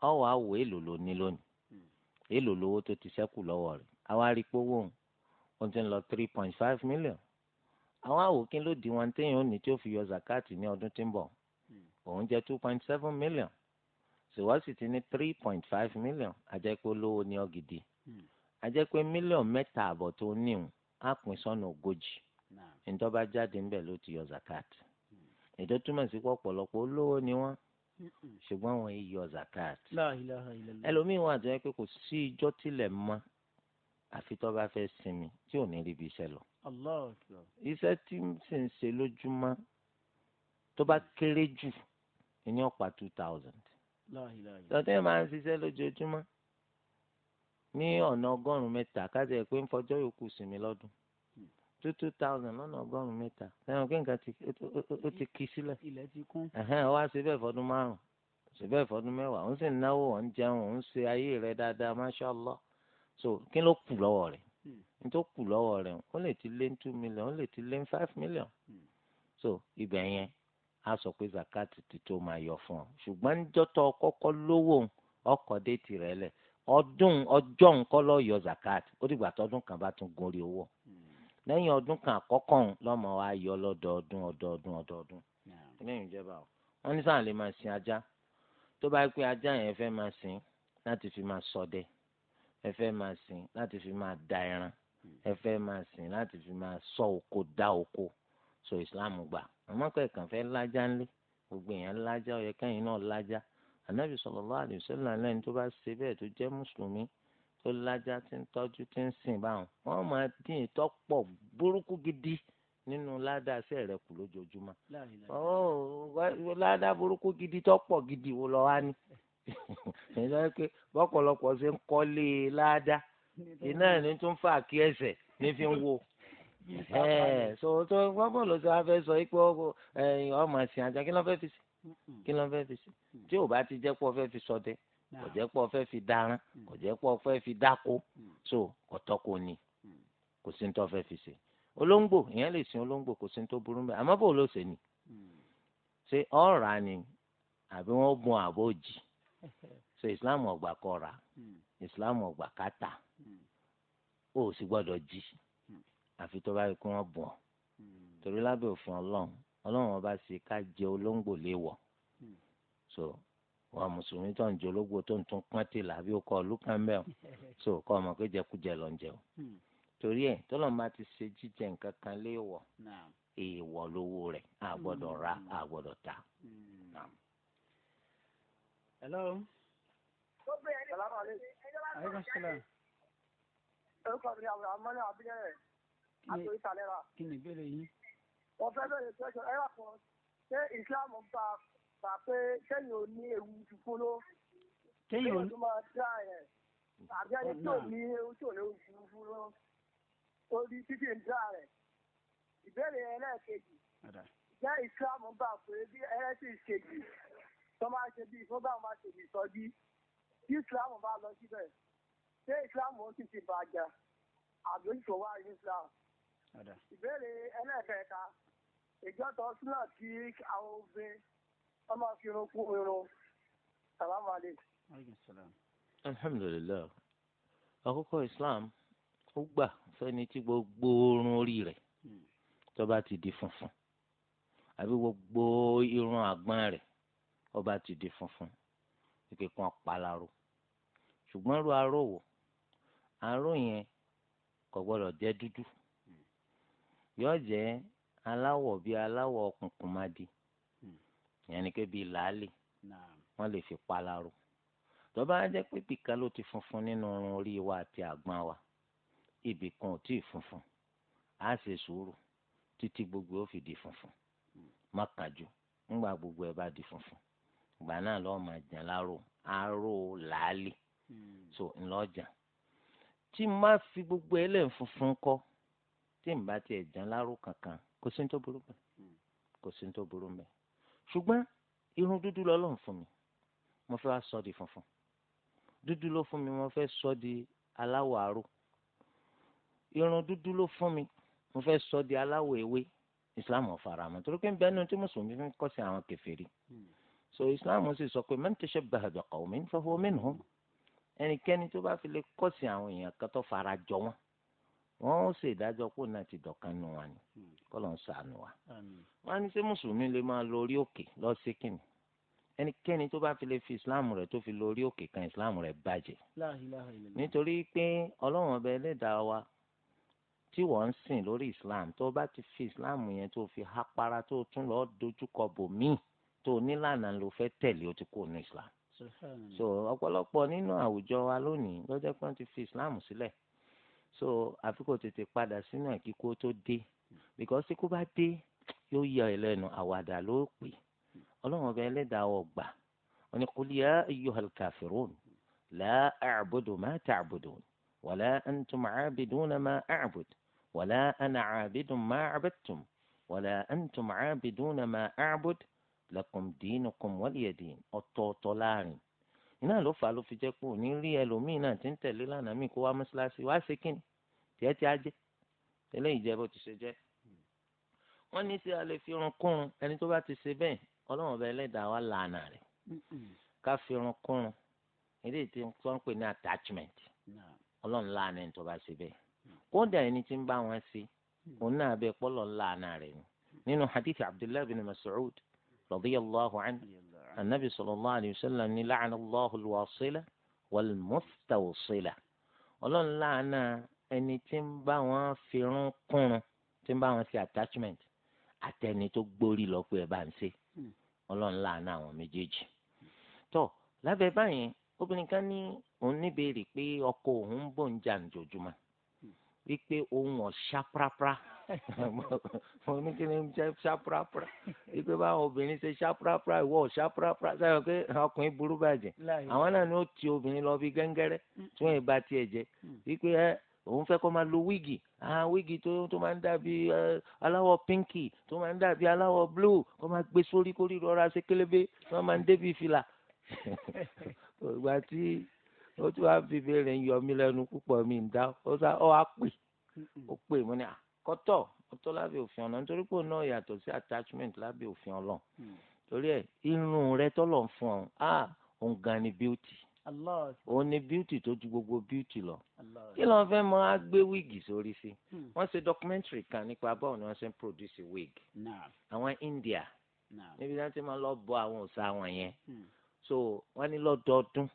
ọwọ́ àwọ̀ èlò ló ní lónìí èlò lówó tó ti ṣẹ́kù lọ́wọ́ rẹ̀ àwa rí i pé owó òun ti ń lọ three point five million àwọn àwòkín ló di wọn téèyàn ò ní tí ó fi yọ zakati ní ọdún tí ń bọ̀ hmm. òun jẹ́ two point seven million ṣèwọ́ sì ti ní three point five million àjẹpé olówó ní ọ̀gìdì àjẹpé hmm. mílíọ̀n mẹ́ta àbọ̀ tó níhùn á pín sọ́nà ogójì ìjọba jáde ńbẹ̀ ló ti yọ zakati hmm. ètò túmọ̀ sí pọ̀pọ̀lọpọ̀ olówó ni wọ́n ṣùgbọ́n wọn yìí yọ zakat ẹlòmíín wà tó yẹ pé kò sí ijọ́ tilẹ̀ mọ́ àfi tó fẹ́ sinmi tí ò ní ríbi iṣẹ́ lọ iṣẹ́ tí ń sì ń ṣe lójúmọ́ tó bá kéré jù ìyẹn ọ̀pá two thousand. tọ́tẹ́ máa ń ṣiṣẹ́ lójoojúmọ́ ní ọ̀nà ọgọ́rùn-ún mẹ́ta kájọ ẹ̀ pé ń fọjọ́ yòókù sí mi lọ́dún two two thousand lọ́nà ọgọ́rùn-ún mẹ́ta sẹ́wọ̀n kí nǹkan ó ti kí sílẹ̀ wá sí bẹ́ẹ̀ fọdún márùn-ún sí bẹ́ẹ̀ fọdún mẹ́wàá òun sì ń náwó òun jẹun òun ṣe ayé rẹ̀ dáadáa masha Allah so kí ló kù lọ́wọ́ rẹ̀ nítorí kù lọ́wọ́ rẹ̀ ó lè ti lé two million ó lè ti lé five million hmm. so ibẹ̀ yẹn a sọ pé zakat ti tó máa yọ fún ọ ṣùgbọ́n níjọ́tọ̀ kọ́kọ́ lówó ọkọ̀ dé tirẹ̀ lẹ̀ ọdún ọjọ́ nǹkan lọ yọ zakat ó dìgbà tọdún kan bá tún gorí owó hmm. lẹ́yìn ọdún kan àkọ́kọ́ lọ́mọ wa yọ lọ́dọọdún ọdọọdún ọdọọdún lẹ́yìn ìjọba o wọ́n ní sáà lè máa sin ajá tó bá pẹ́ ajá yẹn fẹ́ máa sin láti fi máa ṣọdẹ ẹ fẹ́ máa sìn láti fi máa da ẹran hmm. ẹ fẹ́ máa sìn láti fi máa sọ oko dá oko so islam gbà àmọ́ kẹ̀kàn fẹ́ lájà ńlẹ̀ gbogbo èèyàn lájà ó yẹ kẹ́yìn náà lájà ànábì sallallahu alaihi wasallam lẹ́ni tó bá ṣe bẹ́ẹ̀ tó jẹ́ mùsùlùmí tó lájà tí ń tọ́jú tí ń sìn báwọn wọ́n máa dín ìtọ́pọ̀ burúkú gidi nínú ládàásẹ̀ rẹ̀ kù lójoojúmọ́. ó oh, ládàá burúkú gidi tọ́pọ̀ gidi wo lọ wá ní ẹ̀ sọ pé bọ́pọ̀lọpọ̀ ṣe ń kọ́lé e ládá iná ní tún fà kí ẹsẹ̀ ní fi ń wo so tó gbọ́dọ̀ ló ti wá fẹ́ sọ pé ọmọ ẹ̀sìn ajá kí ló fẹ́ fi sí kí ló fẹ́ fi sí tí ò bá ti jẹ́ pé ọ fẹ́ fi ṣọdẹ mm. kò jẹ́ pé ọ fẹ́ fi daran kò jẹ́ pé ọ fẹ́ fi dáko mm. so ọ̀tọ̀ kò ní mm. kò sí ní tó fẹ́ fi ṣe olóńgbò ìyẹn lè sin olóńgbò kò sí ní tó burú mbẹ àmọ́ bò ló ṣe ni ṣé ọ̀rà ni àbí wọ́n bùn àbójì. so islam ọgbà kọra hmm. islam ọgbà kàtà ó hmm. sì gbọ́dọ̀ jí hmm. àfi tó bá yẹ kí wọ́n bọ̀ torí lábẹ́ òfin ọlọ́run ọlọ́run ọba sì ká jẹ olóńgbò léèwọ̀ so wọn mùsùlùmí tó ń jẹ olóńgbò tó ń tún pọ́n tìlà àbí ó kọ́ ọ̀lú kan bẹ́ẹ̀ so kọ́ ọmọ pé jẹkújẹ ló ń jẹ o torí ẹ̀ tọ́lọ́run bá ti ṣe jíjẹ nǹkan kan léèwọ̀ èèwọ̀ lówó rẹ̀ a gbọ́dọ̀ rà a gbọ́dọ̀ Mm. Hello. Salaam aleykum. Aleykum salaam. Orúkọ mi ni Abdulhamani Abidjan. Àtòrí Sàlẹ́ra. Kí ni ìbéèrè yín? Wọ́n fẹ́ bẹ̀rẹ̀ ìtọ́jú ẹ̀rọ kan. Ṣé Ìsìláàmù gbà gbà pé kéèyàn ò ní ewu ìfúnná? Kéèyàn ò ní. Kéèyàn ò máa dá ẹ̀. Àbí ẹni tó ní ewu tí ní ewu ìfúnná. Orí títí ń dá rẹ̀. Ìbéèrè ẹlẹ́ẹ̀kejì. Jẹ́ Ìsìláàmù gbà pé bí ẹlẹ́sìn ṣèjì tó máa ṣe bíi tó bá máa ṣe bíi ìsọjí tí islam bá lọ síbẹ̀ ṣé islam ó sì ti bàjẹ́ àbí oṣù ní islam. ìbéèrè ẹlẹ́ẹ̀kẹta ìjọ́tọ̀ súnà tí àwọn obìnrin wọ́n máa fi irun kún irun salamu aleykum. alhamdulilayi àkókò islam ó gbà fẹ́ni tí gbogbo irun orí rẹ̀ hmm. tó bá ti di funfun àbí gbogbo irun àgbọ̀n rẹ̀ ọba ti di funfun kíkẹ́ kan palaro ṣùgbọ́n ru aró wò aró yẹn kò gbọ́dọ̀ jẹ́ dúdú yóò jẹ́ aláwọ̀ bíi aláwọ̀ kùnkùn máa di ìyẹn ni pé bíi làálì wọ́n lè fi palaro Tọ́ba bá jẹ́ pé bìkan ló ti funfun nínú irun orí wa àti àgbọn wa ibì kan ò tí ì funfun á ṣe sùúrù títí gbogbo ó fi di funfun má kánjú ńgbà gbogbo ẹ bá di funfun ìgbà náà lọ́ọ́ máa jàn láró aró làálì hmm. so ńlọ́jà tí n bá fi gbogbo ẹlẹ́yìn funfun kọ́ tí n bá tiẹ̀ jàn láró kankan kò sí ní tó burú bẹ́ẹ̀ hmm. kò sí ní tó burú bẹ́ẹ̀ ṣùgbọ́n irun dúdú lọ́lọ́run fún mi mo fẹ́ wá sọ di funfun dúdú ló fún mi mo fẹ́ sọ di aláwọ̀ aró irun dúdú ló fún mi mo fẹ́ sọ di aláwọ̀ ewé islam ọ̀faramọ́ torí pé ń bẹ́ẹ̀ nu tí mùsùlùmí fi kọ́ sí àwọn kèfèrí. Mm so islam sì sọ pé man tashabbaha bi qawmin fahuwa minhum ẹnikẹ́ni tó bá fi lè kọ́sì àwọn èèyàn kan tó fara jọ wọn wọn ó ṣe ìdájọ́ pò náà ti dọ̀kan nu wa ni kọ́ ló ń sànù wa wọn á ní ṣé mùsùlùmí lè máa lọ orí òkè lọ sí kìnnì ẹnikẹ́ni tó bá fi lè fi islam rẹ̀ tó fi lọ orí òkè kan islam rẹ̀ bàjẹ́ nítorí pé ọlọ́run ọba ẹlẹ́dàá wa tí wọ́n ń sìn lórí islam tó bá ti fi islam yẹn tó fi hápára tó tún lọ́ọ́ dojúkọ bòmíì tó nílànà ló fẹ́ tẹ̀lé o ti kó ní islam so ọ̀pọ̀lọpọ̀ nínú àwùjọ wa lónìí lọ́jọ́ pé wọ́n ti fi islam sílẹ̀ so àfi kó tètè padà sínú àkíkó tó dé because tí kò bá dé yóò yọ ẹlẹ́nu àwàdà ló pè ọlọ́run ọba ẹlẹ́dàá ọgbà wọn ni qul ya ayyuhal kafirun la a'budu ma ta'budun wala antum 'abiduna ma a'bud wala ana 'abidun ma 'abadtum wala antum 'abiduna ma a'bud lakum dinukum waliya din ọ̀tọ̀ọ̀tọ̀ láàrin iná ló fà á ló fi jẹ́ pé òní rí ẹlòmíì náà ti ń tẹ̀lé lánàá mi kó wá mọ́ṣáláṣí wá ṣe kíni tiẹ́ tí a jẹ́ eléyìí jẹ́ bó ti ṣe jẹ́ wọ́n ní sí alẹ́ fi irun kúrun ẹni tó bá ti ṣe bẹ́ẹ̀ ọlọ́run ọba ẹlẹ́dàá wa làánà rẹ̀ ká fi irun kúrun eléyìí tí wọ́n pè ní attachment ọlọ́run làánà ẹni tó bá ṣe bẹ́ẹ̀ kódà ẹni tí ń bá wọn ṣe òun náà bẹ́ẹ̀ pọ́lọ́ làánà rẹ̀ nínú hadith abdullahi bin mas'ud radiyallahu anhu anabi sallallahu alayhi wa sallam ní la'ana Allahu al-wasila wal-mustawsila ọlọ́run láàánà ẹni tí ń bá wọn firun kúrun tí ń bá wọn ṣe attachment àtẹni tó gbórí lọ pé ẹ bá ń ṣe ọlọ́run láàánà àwọn méjèèjì tó lábẹ́ báyìí obìnrin kan ní òun níbèrè pé ọkọ òun ń bò ń jà níjòjúmọ́ wípé òun ọ̀ṣà prapra mo ní kí ni ń jẹ ṣápúrápúrá ipe báwọn obìnrin ṣe ṣápúrápúrá ìwọ ṣápúrápúrá sẹ́yìn pé ọkùnrin burú bàjẹ́ àwọn náà ni ó ti obìnrin lọ bí gẹ́ngẹ́rẹ́ tí wọ́n bá tiẹ̀ jẹ́ mm. wípé ẹ òun fẹ́ kó máa lo wíìgì ah wíìgì tó tó máa ń dàbí aláwọ̀ pínkì tó máa ń dàbí aláwọ̀ blu kó máa gbé sórí kórì rọra ṣe kélébé tó máa ń débi fìlà ìgbà tí ó tún wá fi béèrè ń yọ mí lẹ́nu púpọ̀ mi ń dá ó sá ó wá pè ó pè mọ́ ni à kọ́tọ̀ kọ́tọ̀ lábẹ́ òfin ọ̀nà nítorí pé òun náà yàtọ̀ sí attachment lábẹ́ òfin ọ̀nà hmm. torí ẹ̀ irun rẹ tọ́lọ̀ ń fún ọ á òun gan ni beauty òun ni beauty tó ju gbogbo beauty lọ kí ló ń fẹ́ mọ á gbé wíìgì sórí sí hmm. wọ́n ṣe documentary kan nípa báwo ni wọ́n ṣe ń produce wig àwọn India níbi tí wọ́n ti máa lọ bọ àwọn òòṣà wọn yẹn hmm. so wọ́n ní lọ́dọọdún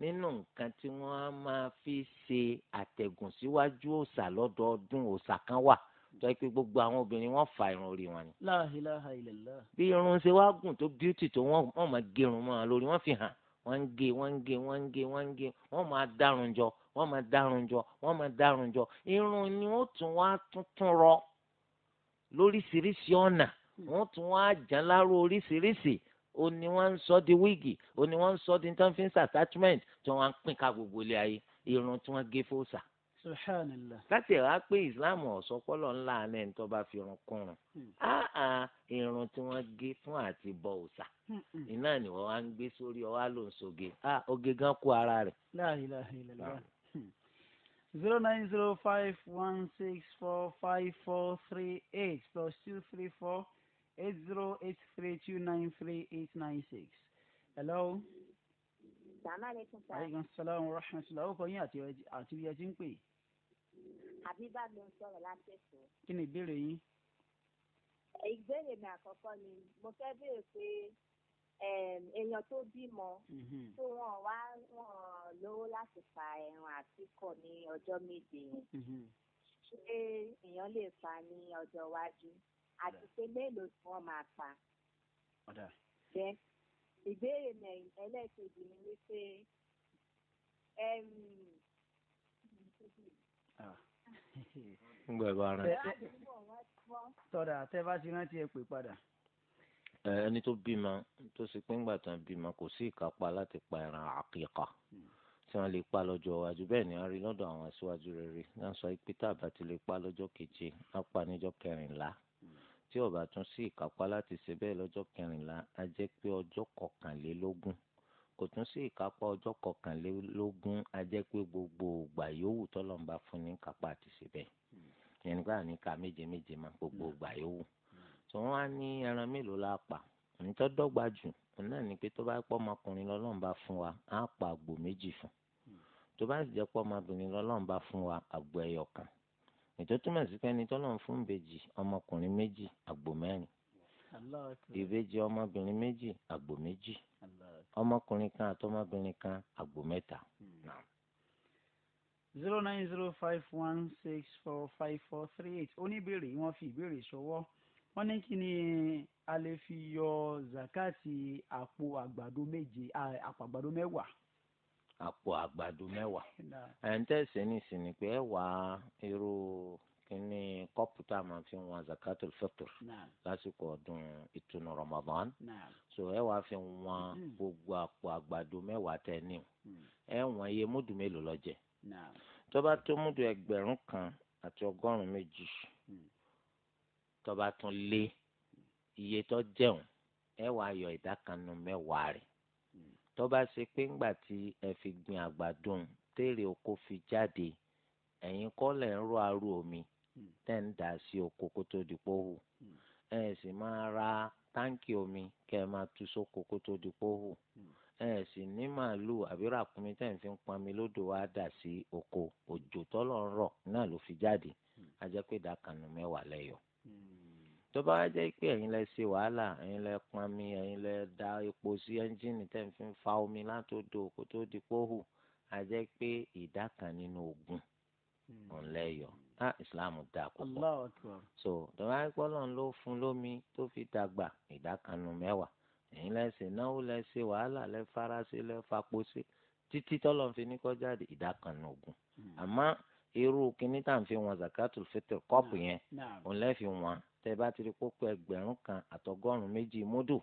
nínú nǹkan tí wọ́n máa fi ṣe àtẹ̀gùn síwájú òòṣà lọ́dọọdún òòṣà kan wà tó yẹ pé gbogbo àwọn obìnrin wọ́n fa irun orí wọn ni. La ilaha illallah. bí irun ṣe wá gùn tó bíútì tó wọ́n máa gẹrun mọ́ ọ lórí wọ́n fi hàn wọ́n ń gé wọ́n ń gé wọ́n ń gé wọ́n ń gé wọ́n máa dárun jọ wọ́n máa dárun jọ wọ́n máa dárun jọ irun ni ó tún wá tuntun rọ lóríṣiríṣi ọ̀nà hmm. wọ́n tún wá jàn láró oríṣiríṣi òun ni wọ́n ń sọ di wíìgì òun ni wọ́n ń sọ di tán fi ń sa attachment tí wọ́n á pín ká gbogbo ilé ayé irun tí wọ́n gé fóòsà. láti ẹ̀ wá pé islam ọ̀sọ́ pọ́lọ̀ ńlá alẹ́ ní tó bá fi irun kùnrùn hmm. áà irun tí wọ́n gé fún àti bọ òòsà iná ni wọ́n wá ń gbé sórí ọwá ló ń soge ah oge gan kó ara rẹ̀. Hmm. zero nine zero five one six four five four three eight plus two three four eight zero eight two nine three eight nine six. hello. salaamaleykum sir. aleykum salaam wa rahmatulah ọkọ yín àti àti bí ẹ ti ń pè. àbíbá mi ń sọ̀rọ̀ láti èkó. kí ni ìbéèrè yín. ìbéèrè mi àkọ́kọ́ ni mo fẹ́ béèrè pé èèyàn tó bímọ mm-hmm. tó wọn wá wọn lówó láti pa ẹran àtìkọ ní ọjọ́ méje yẹn mm-hmm. ṣé èèyàn lè pa ní ọjọ́ iwájú àti pé mélòó tí wọ́n máa pa jẹ́ ìbéèrè mẹ́rin ẹlẹ́ẹ̀kejì ni wípé ngbà bá rẹ. tọ́da tẹ́ bá ti rántí ẹ pè padà. ẹni tó bímọ tó ṣe pé ńgbà tán bímọ kò sí ìkápá láti pa ẹran àkíkà hmm. tí wọ́n lè pa lọ́jọ́ iwájú bẹ́ẹ̀ ni a rí lọ́dọ̀ àwọn aṣíwájú rere náà sọ pé tá ti lè pa lọ́jọ́ keje á níjọ́ kẹrìnlá tí ó bá tún sí ìkápá láti ṣe bẹ́ẹ̀ lọ́jọ́ kẹrìnlá á jẹ́ pé ọjọ́ kọkànlélógún kò tún sí ìkápá ọjọ́ kọkànlélógún á jẹ́ pé gbogbo ìgbà yòówù tọ́lọ́mùbá fún ní kápá àti ṣe bẹ́ẹ̀ yẹn gbà ní ká méje méje máa gbogbo hmm. ìgbà yòówù tí wọ́n á ní ẹran mélòó la pa nítọ́ dọ́gba jù náà ni pé tó bá pọ́ ọmọkùnrin lọ́lọ́mùbá fún wa á pa àgbò méjì fún hmm. tó bá sì jẹ́ pọ́ ọmọbìnrin lọ́lọ́mùbá fún wa àgbò ẹyọ kan ètò túmọ̀ sí pé ẹni tọ́lọ́run fún ìbejì ọmọkùnrin méjì àgbò mẹ́rin ìbejì ọmọbìnrin méjì àgbò méjì ọmọkùnrin kan àtọmọbìnrin kan àgbò mẹ́ta. zero nine zero five one six four five four three eight oníbèrè wọ́n fi ìbéèrè ṣọwọ́ wọ́n ní kí ni a lè fi yọ zakati àpò àgbàdo méje àpò àgbàdo mẹ́wàá àpò àgbàdo mẹ́wàá ẹ̀ńtẹ́sẹ̀ nìsín ni pé ẹ̀wà irú kínní kọ́pù tá a máa fi wọn zakatul fitr lásìkò ọdún ìtúnu Ramadan so ẹ wàá fi wọn gbogbo àpò àgbàdo mẹ́wàá tẹ ní o mm. ẹ wọn iye múdù mélòó ló jẹ́ tó bá múdù ẹgbẹ̀rún kan àti ọgọ́rùn-ún méjì mm. tó lé iye tó jẹun ẹ wàá yọ ìdá kan nu mẹ́wàá rẹ̀ tó bá ṣe pé ńgbà tí ẹ fi gbin àgbàdo tèrè oko fi jáde ẹ̀yin kọ́ lẹ̀ ń rọ aró omi hmm. tẹ̀ ń dà sí oko kó tó di póhù hmm. ẹ sì máa ra táǹkì omi kẹ́ ẹ máa tu sóko kó tó di póhù hmm. ẹ sì ní màálùú àbí ràkúnmí tẹ̀ ń fi pọnmi lódò wá dà sí oko òjò tọ́lọ̀ ń rọ̀ náà ló fi jáde a pé ìdákanu mẹ́wàá lẹ́yọ̀ tó bá wá jẹ́ pé ẹ̀yin lẹ ṣe wàhálà ẹ̀yin lẹ pọnmi ẹ̀yin lẹ da epo sí ẹ́ńjìnì tẹ̀ ń fi fa omi látòdò kó tó di póhù a jẹ́ pé ìdá kan nínú ogún hmm. òun lẹ́yọ̀ á islam da púpọ̀ so tó bá yẹ pọ́lọ́ ló fún lómi tó fi dàgbà ìdá kan nínú mẹ́wàá ẹ̀yin lẹ ṣe náwó lẹ ṣe wàhálà lẹ faraṣe lẹ fapò sí títí tọ́lọ́ fi ní kó jáde ìdá kan nínú ogún hmm. àmọ́ irú kíní tá à ń fi wọn zakatul fitr kọ́ọ̀pù yẹn òun lẹ́ fi wọn tẹ bá ti rí pópó ẹgbẹ̀rún kan àtọgọ́rùn méjì múdù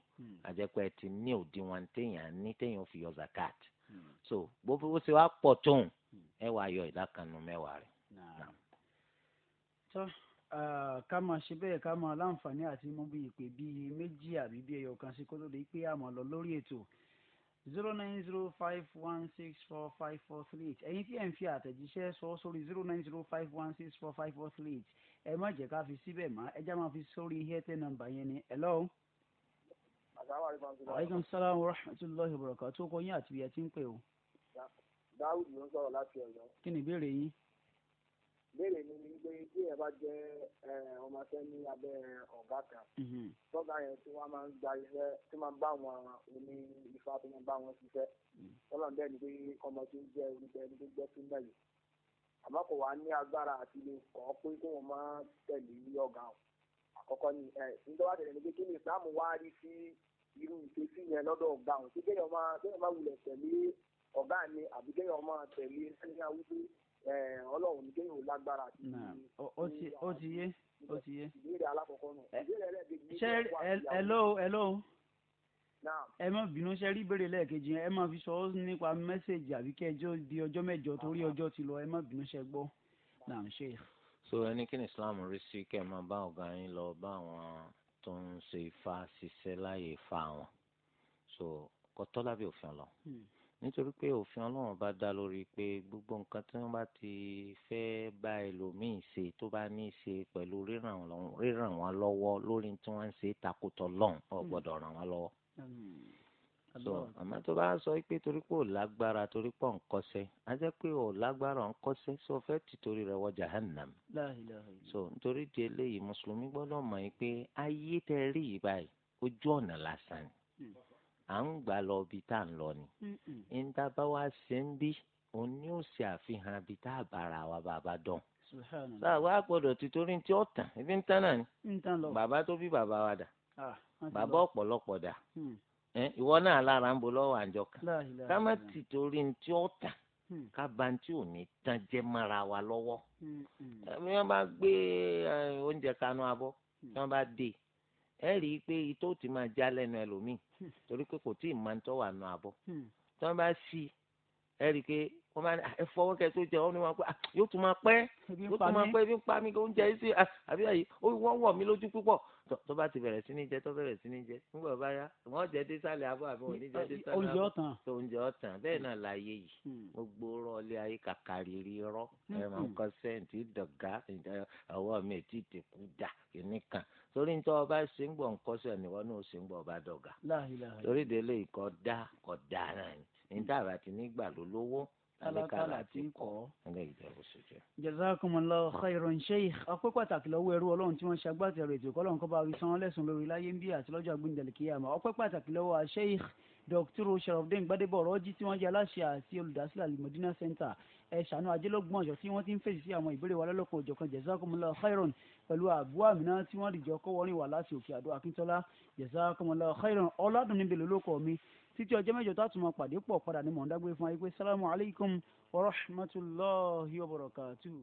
àjẹpẹ́ hmm. ti ní òdiwọ̀n téèyàn ní téèyàn fi yọ zakat hmm. so gbogbo bó ṣe wá pọ̀ tóun hmm. ẹ wàá yọ ìdá kan nu mẹ́wàá rẹ̀. tó ká máa ṣe bẹ́ẹ̀ ká máa láǹfààní àti mú bí ìpè bíi méjì àbí bí ẹyọ kan sí kó tó di pé àmọ́ lọ lórí ètò zero nine zero five one six four five four three eight ẹ̀yin tí ẹ̀ ń fi àtẹ̀jíṣẹ́ sọ sórí zero nine zero five one six four five four three eight ẹ má jẹ́ ká fi síbẹ̀ mọ́ ẹ já máa fi sórí airtel number yẹn ni hello. aleykum salaam wa rahmatulahi wa barakatuh tó yín àti ìyá tí ń pè o. dáhùn ló ń sọ̀rọ̀ láti ọ̀yọ́. kí ni ìbéèrè yín. ìbéèrè mi ni pé ẹ bá ní abẹ́ ọ̀gá kan mhm. yẹn tí máa ń gba tí máa ń bá wọn tí bá wọn amakowa wá ní agbára àti ní kọ́ pé kí wọ́n máa tẹ̀lé ọ̀gá àkọ́kọ́ ni tẹ̀lé ní pé kí ni wá rí sí irú yẹn lọ́dọ̀ ọ̀gá o kí kéèyàn máa kéèyàn máa wulẹ̀ tẹ̀lé ọ̀gá àbí kéèyàn máa tẹ̀lé ẹni àwùjọ ọlọ́run ní kéèyàn lágbára ẹ má bínú ṣe rí ìbéèrè lẹ́ẹ̀kejì yẹn ẹ má fi sọ ọ́ nípa mẹ́sẹ̀gì àbí kẹjọ́ di ọjọ́ mẹ́jọ torí ọjọ́ ti lọ ẹ má bínú ṣe gbọ́ náà ń ṣe. so ẹni kí ni Islam rí sí kẹ́ ẹ máa bá ọ̀gá yín lọ bá àwọn tó ń ṣe ifá ṣiṣẹ́ láàyè ifá wọn so kọ́tọ́ lábẹ́ òfin ọlọ́ hmm. nítorí pé òfin ọlọ́run bá dá lórí pé gbogbo nǹkan tí wọ́n bá ti fẹ́ bá ẹlòmíì ṣe tó bá ní í ṣe pẹ̀lú ríràn wọn lọ́wọ́ lórí tí wọ́n ń ṣe takotọ̀ lọ́hùn ò hmm. ràn wọ́n lọ́wọ́. Hmm. so àmọ́ tó bá sọ pé torí pé ò lágbára torí pọ̀ ń kọ́ṣẹ́ á jẹ́ pé ò lágbára ń kọ́ṣẹ́ sọ fẹ́ ti torí rẹ̀ wọ jahannam. so nítorí di eléyìí mùsùlùmí gbọ́dọ̀ mọ̀ yín pé ayé tẹ́ rí yìí báyìí ojú ọ̀nà lásán ni hmm. à ń gbà lọ ibi tá à ń lọ ni. Hmm, níta bá wá ṣe ń bí òun ni ṣe àfihàn ibi tá a bára wa bàbá dán. sáà wá ti torí ti ọ̀tàn ibi ń tán náà ni bàbá tó bí bàbá wa dà. Ah bàbá ọ̀pọ̀lọpọ̀ dà hmm. ìwọ náà lára ń bo lọ́wọ́ àjọ kan ká má ti torí ní tí ó tà hmm. ká ba ní tí ò ní tán jẹ́ mọ́ra wa lọ́wọ́ hmm, bí wọ́n bá gbé oúnjẹ kanú abọ́ bí wọ́n bá dé ẹ rí i pé itó ti máa já lẹ́nu ẹlòmíì torí pé kò tí ì máa ń tọ́ wà nù abọ́ tí wọ́n bá sí ẹ rí i pé wọ́n máa ah, ẹ fọwọ́ kẹ́ tó jẹ wọ́n ní wọn pé yóò tún máa pẹ́ yóò tún máa pẹ́ ebi ń pa mí oúnjẹ yìí sí ah, àbí àyè wọ́n wọ̀ mí lójú púpọ̀ tó bá ti bẹ̀rẹ̀ sí ní jẹ tó bẹ̀rẹ̀ sí ní jẹ nígbà bá yá wọ́n jẹ dé sálẹ̀ abọ́ àbí wọ́n ní jẹ dé sálẹ̀ abọ́ oúnjẹ ọ̀tàn tó oúnjẹ ọ̀tàn bẹ́ẹ̀ hmm. náà láàyè yìí hmm. gbogbo rọlé ayé kàkàrírí rọ hmm. ẹ̀rọ nǹkan sẹ́ǹtì dọ̀gá ọwọ́ mi ti tẹ̀kú dà kìnnìkan torí ní tó o bá ṣe ń gbọ̀ nǹkan sẹ̀ ni wọ́n náà ṣe ń gbọ̀ bá dọ̀gá torí délé ìkọ́ dá kọ̀ dá náà ní tálákà láti ń kọ́. jazakumullahu khairan sheikh ọpẹ́ pàtàkì lọ́wọ́ ẹrú ọlọ́run tí wọ́n ṣe agbátẹrù ètò ìkọ́lọ́run kọ́ba orí sanwó lẹ́sùn lórí láyé ń bí àti lọ́jọ́ àgbéǹdẹ̀lì kíyàmá pàtàkì lọ́wọ́ sheikh dr sharafdin gbadebo ọ̀rọ̀jì tí wọ́n jẹ́ aláṣẹ àti olùdásílẹ̀ alimọ̀dínà center ẹ̀ ṣàánú ajẹ́lógún ọ̀ṣọ́ tí wọ́n ti ń fèsì sí àwọn ìbéèrè wa lọ́lọ́kọ̀ òjọ̀kan jazakumullahu khairan pẹ̀lú àbú àmìnà tí wọ́n dìjọ́ kọ́wọ́rin wà láti òkè àdó akíntola jazakumullahu khairan ọ̀làdùn níbi mi títí ọjọ́ mẹ́jọ tá a tún máa pàdé pọ̀ padà ní mọ̀ọ́dágbé fún ayé pé sálámù alaykum wa rahmatulahi wa barakatuhu.